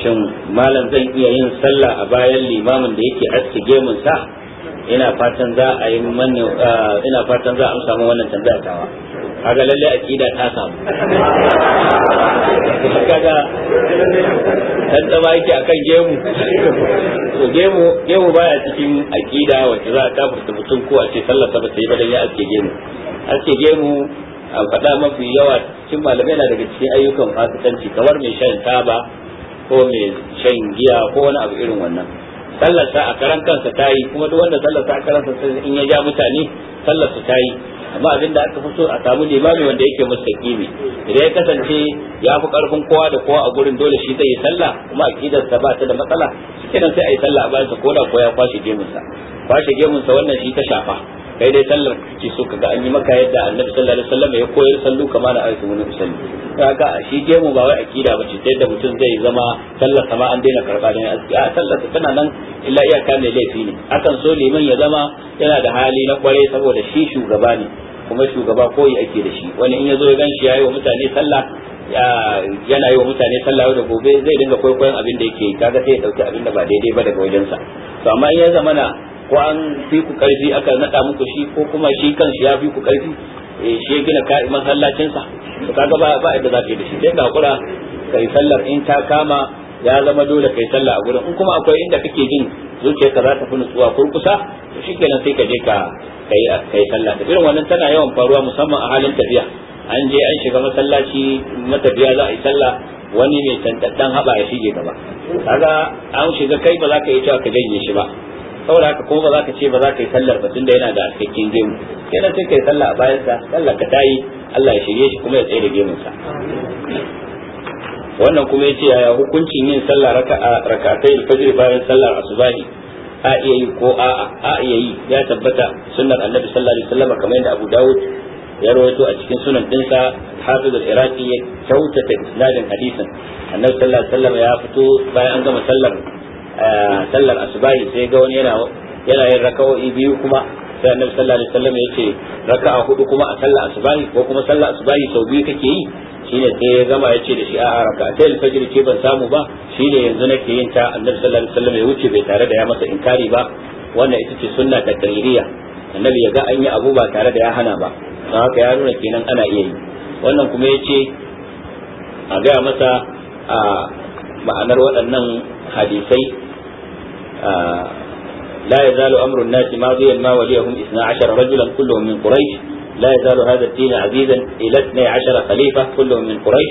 shin malam zan iya yin sallah a bayan limamin da yake aske gemun sa ina fatan za a yi manne ah, ina fatan za a amsa wannan tambaya tawa kaga lalle akida ta samu kaga dan tsaba yake akan gemu to gemu gemu baya cikin akida wacce za ta furta mutum ko a ce sallar ta ba sai ba dan ya aske gemu aske gemu a fada mafi yawa cikin malamai na daga cikin ayyukan fasikanci kamar mai shan taba ko mai shan giya ko wani abu irin wannan sallarsa a karan kansa ta yi kuma duk wanda sallarsa a karan kansa in ya ja mutane sallarsa ta yi amma abin da aka fi so a samu limami wanda yake ne idan ya kasance ya fi karfin kowa da kowa a gurin dole shi zai yi sallah kuma akidar sa ba ta da matsala kenan sai a yi sallah a bayan sa da ko ya kwashe gemunsa kwashe gemunsa wannan shi ta shafa kai dai sallar kake so kaga an yi maka yadda annabi sallallahu alaihi wasallam ya koyar sallu kamar da aiki mun sallu kaga shi gemu ba wai akida bace sai da mutum zai zama sallar sama an daina karba da aski a sallar tana nan illa iyaka ne laifi ne akan so liman ya zama yana da hali na kware saboda shi shugaba ne kuma shugaba koyi ake da shi wani in ya zo ya gan shi yayi wa mutane sallah yana yi wa mutane sallah da gobe zai dinga kwaikwayon abin da yake kaga sai ya dauki abin da ba daidai ba daga wajensa to amma in ya zama na. ko an fi ku karfi aka nada muku shi ko kuma shi kan shi ya fi ku karfi eh, shi ya gina masallacin sa to kaga ba ba yadda zaka yi da shi sai ka kura kai sallar in ta kama ya zama dole kai sallah a gurin in kuma akwai inda kake jin zuciyarka za ta fi nutsuwa kurkusa to shikenan sai ka je ka kai kai sallah da irin wannan tana yawan faruwa musamman a halin tafiya an je an shiga masallaci matafiya za a yi sallah wani mai tantattan haba ya shige gaba kaga an shiga kai ba za ka yi cewa ka janye shi ba saboda haka kuma ba za ka ce ba za ka yi sallar ba tunda yana da cikakken gemu yana sai ka yi sallah a bayan sa sallar ka tayi Allah ya shirye shi kuma ya tsaye da gemun sa wannan kuma ya ce, yaya hukuncin yin sallah raka'a rakatai fajr bayan sallar asubahi a iya yi ko a a iya yi ya tabbata sunnar annabi sallallahu alaihi wasallam kamar yadda Abu Dawud ya rawaito a cikin sunan dinsa Hafiz al-Iraqi ya kyautata isnadin hadisin annabi sallallahu alaihi wasallam ya fito bayan an gama sallar sallar asubahi sai ga wani yana yana yin raka'o'i biyu kuma sai annabi sallallahu alaihi wasallam ya ce raka'a hudu kuma a sallar asubahi ko kuma sallar asubahi sau biyu kake yi shine sai ya gama ya ce da shi a raka'atai alfajr ce ban samu ba shine yanzu nake yin ta annabi sallallahu alaihi wasallam ya wuce bai tare da ya masa inkari ba wannan ita ce sunna takririya annabi ya ga an yi abu ba tare da ya hana ba don haka ya nuna kenan ana iya yi wannan kuma ya ce a gaya masa a ma'anar waɗannan hadisai آه، لا يزال أمر الناس ماضيا ما وليهم اثنا عشر رجلا كلهم من قريش لا يزال هذا الدين عزيزا إلى اثني عشر خليفة كلهم من قريش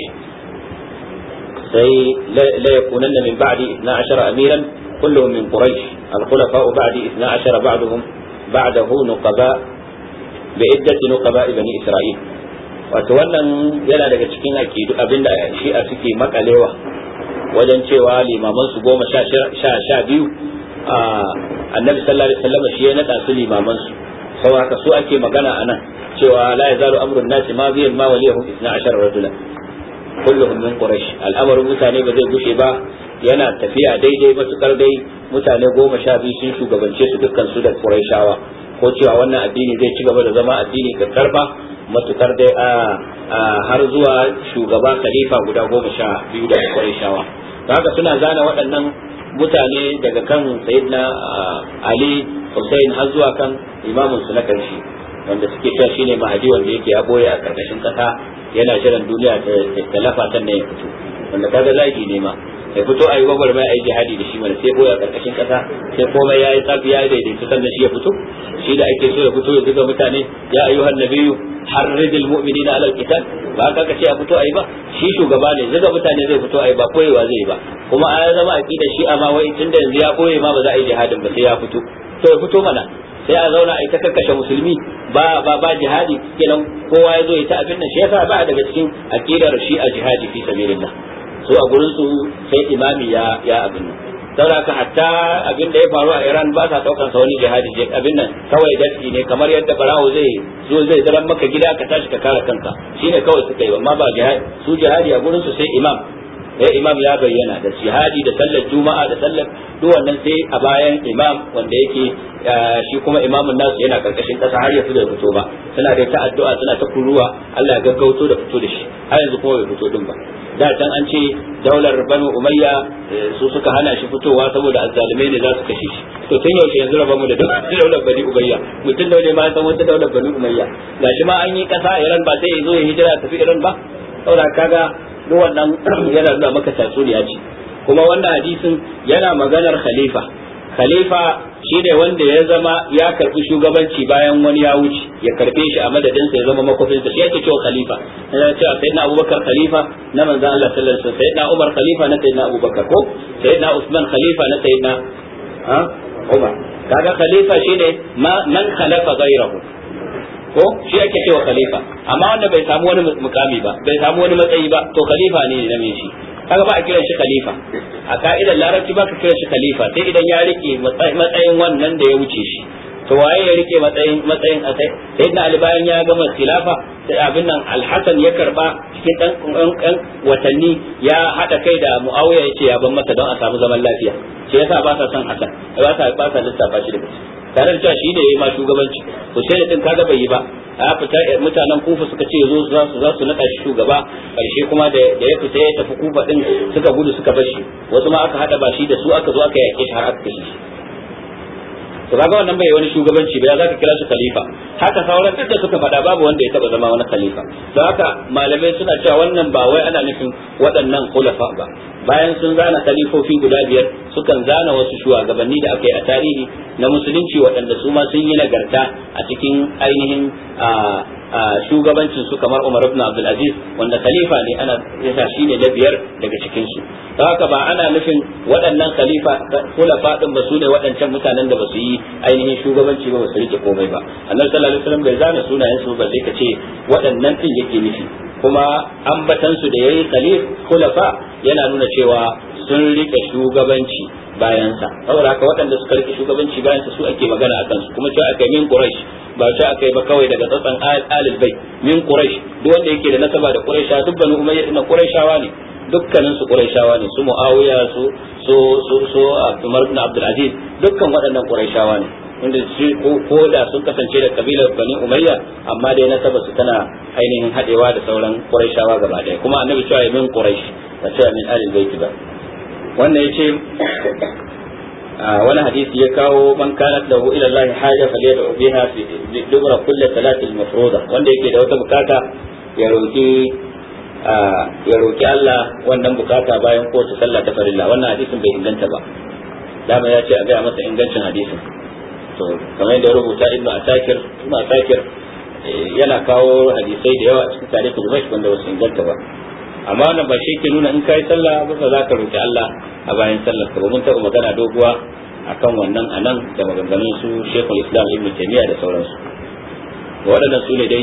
سي لا يكونن من بعد اثنا عشر أميرا كلهم من قريش الخلفاء بعد اثنا عشر بعضهم بعده نقباء بعدة نقباء بني إسرائيل wato wannan yana daga cikin akidu abinda shi'a suke makalewa wajen cewa limaman su goma sha biyu annabi sallallahu alaihi wasallam shi ya nada su limaman su sau haka su ake magana a nan cewa la yazalu amrun nasi ma biyan ma waliyahum ashar rajula kulluhum min quraish al'amarin mutane ba zai gushe ba yana tafiya daidai matukar dai mutane goma sha biyu sun shugabance su dukkan su da quraishawa ko cewa wannan addini zai ci gaba da zama addini karba matukar dai a har zuwa shugaba khalifa guda goma sha biyu da quraishawa haka suna zana waɗannan mutane daga kan sayyidina ah, ali hussein har zuwa kan imamun su na karshe wanda suke shi ne mahadi wanda yake ya boye a karkashin kasa yana shirin duniya ta talafa na ya fito wanda kaga zagi ne ma ya fito a yi gwagwarmaya a jihadi da shi mana sai boya karkashin kasa sai komai ya yi tsafi ya yi daidaita sannan shi ya fito shi da ake so ya fito ya zuga mutane ya har nabiyyu harridil na alal alqital ba haka kace a fito a yi ba shi shugaba ne zuga mutane zai fito a yi ba koyewa zai ba kuma a zama aqida shi amma wai tunda yanzu ya koye ma ba za a yi jihadin ba sai ya fito to ya fito mana sai a zauna a yi ta musulmi ba ba ba jihadi kenan kowa ya zo ya ta abin nan shi yasa ba daga cikin aqidar shi a jihadi fi sabilillah su a gurin su sai imami ya ya abin saboda ka hatta abin da ya faru a Iran ba sa daukan sa wani jihadi je abin nan kawai dafi ne kamar yadda barawo zai zo zai zaran maka gida ka tashi ka kare kanka shine kawai suka yi amma ba jihadi su jihadi a gurin su sai imam ya eh, imam ya bayyana da jihadi da sallar juma'a da sallar duk wannan sai a bayan imam wanda yake shi kuma imamun nasu yana karkashin kasa har ya da fito ba suna da ta addu'a suna ta kuruwa Allah ya gaggauto da fito da shi har yanzu kuma bai fito din ba da can an ce daular banu umayya eh, su suka hana shi fitowa saboda azzalume ne za su kashe shi to tun yaushe yanzu raba mu da daular bani umayya mutum da ne ma san wata daular bani umayya gashi ma an yi kasa iran ba sai ya zo ya hijira tafi iran ba saboda kaga duk wannan yana nuna maka tatsuniya ce kuma wannan hadisin yana maganar khalifa khalifa shi ne wanda ya zama ya karbi shugabanci bayan wani ya wuce ya karbe shi a madadin sa ya zama makofin sa shi yake cewa khalifa yana cewa sayyidina abubakar khalifa na manzon Allah sallallahu alaihi wasallam sayyidina umar khalifa na sayyidina abubakar ko sayyidina usman khalifa na sayyidina umar kaga khalifa shi ne man khalafa ghayrahu ko shi ake cewa khalifa amma wanda bai samu wani mukami ba bai samu wani matsayi ba to khalifa ne na mai shi kaga ba a kiran shi khalifa a ka'idar larabci ba ka kiran shi khalifa sai idan ya rike matsayin wannan da ya wuce shi to waye ya rike matsayin matsayin idan ali bayan ya gama khilafa sai abin nan al-hasan ya karba cikin dan dan watanni ya hada kai da muawiya yace ya ban masa don a samu zaman lafiya sai yasa ba sa son hasan ba sa ba sa lissafa shi da gaske tare da cewa shi ne yi ma shugabanci da din kaga bai yi ba a fita eh, mutanen Kufa suka ce zo za su za su naka shi shugaba karshe kuma da ya fita ya tafi Kufa din suka gudu suka bar shi wasu ma aka hada ba shi da su aka zo aka yake shi har aka kashe to kaga wannan bai wani shugabanci ba za ka kira shi khalifa haka sauran duk da suka faɗa babu wanda ya taɓa zama wani khalifa don haka malamai suna cewa wannan ba wai ana nufin waɗannan khulafa ba bayan sun zana khalifofi guda biyar sukan zana wasu shugabanni da aka yi a tarihi na musulunci waɗanda su ma sun yi nagarta a cikin ainihin shugabancinsu kamar Umar ibn Abdul Aziz wanda khalifa ne ana yasa shi ne da biyar daga cikin su haka ba ana nufin waɗannan khalifa khulafa ba su ne waɗancan mutanen da ba su yi ainihin shugabanci ba su rike komai ba annabi sallallahu alaihi wasallam bai zana sunayen su ba sai ka ce waɗannan din yake nufi kuma ambatansu su da yayi khalif khulafa yana nuna cewa sun rike shugabanci bayansa saboda haka waɗanda suka rike shugabanci bayansa su ake magana akan su kuma cewa akai min quraish ba cewa akai ba kawai daga tsatsan alil bai min quraish duk wanda yake da nasaba da quraisha duk banu umayya din quraishawa ne dukkanin su quraishawa ne su muawiya su su su su umar ibn abdul aziz dukkan waɗannan quraishawa ne wanda ko da sun kasance da kabilar bani umayya amma dai nasaba su tana ainihin hadewa da sauran quraishawa gaba daya kuma annabi cewa min quraish ba cewa min alil bai ba wannan yace wani hadisi ya kawo man kanat lahu ila Allah haja falyad'u biha fi dubra kulli salati al mafruda wanda yake da wata bukata ya roki ya roki Allah wannan bukata bayan ko ta sallah ta farilla wannan hadisin bai inganta ba dama ya ce a gaya masa ingancin hadisin to kamar yadda rubuta ibnu atakir ibnu atakir eh, yana kawo hadisai da yawa cikin tarihi da wanda wasu inganta ba amana ba shi ke nuna in kai sallah ba za ka roki Allah a bayan sallar ka mun taɓa magana doguwa akan wannan anan da maganganun su Sheikhul Islam Ibn Taymiyyah da sauransu waɗannan su ne dai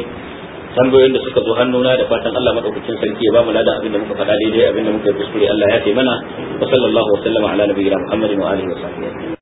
tambayoyin da suka zo hannuna da fatan Allah madaukakin sarki ya mu lada abin da muka faɗa daidai abin da muka kuskure Allah ya taimana wa sallallahu wa sallama ala nabiyina Muhammadin wa alihi wa sahbihi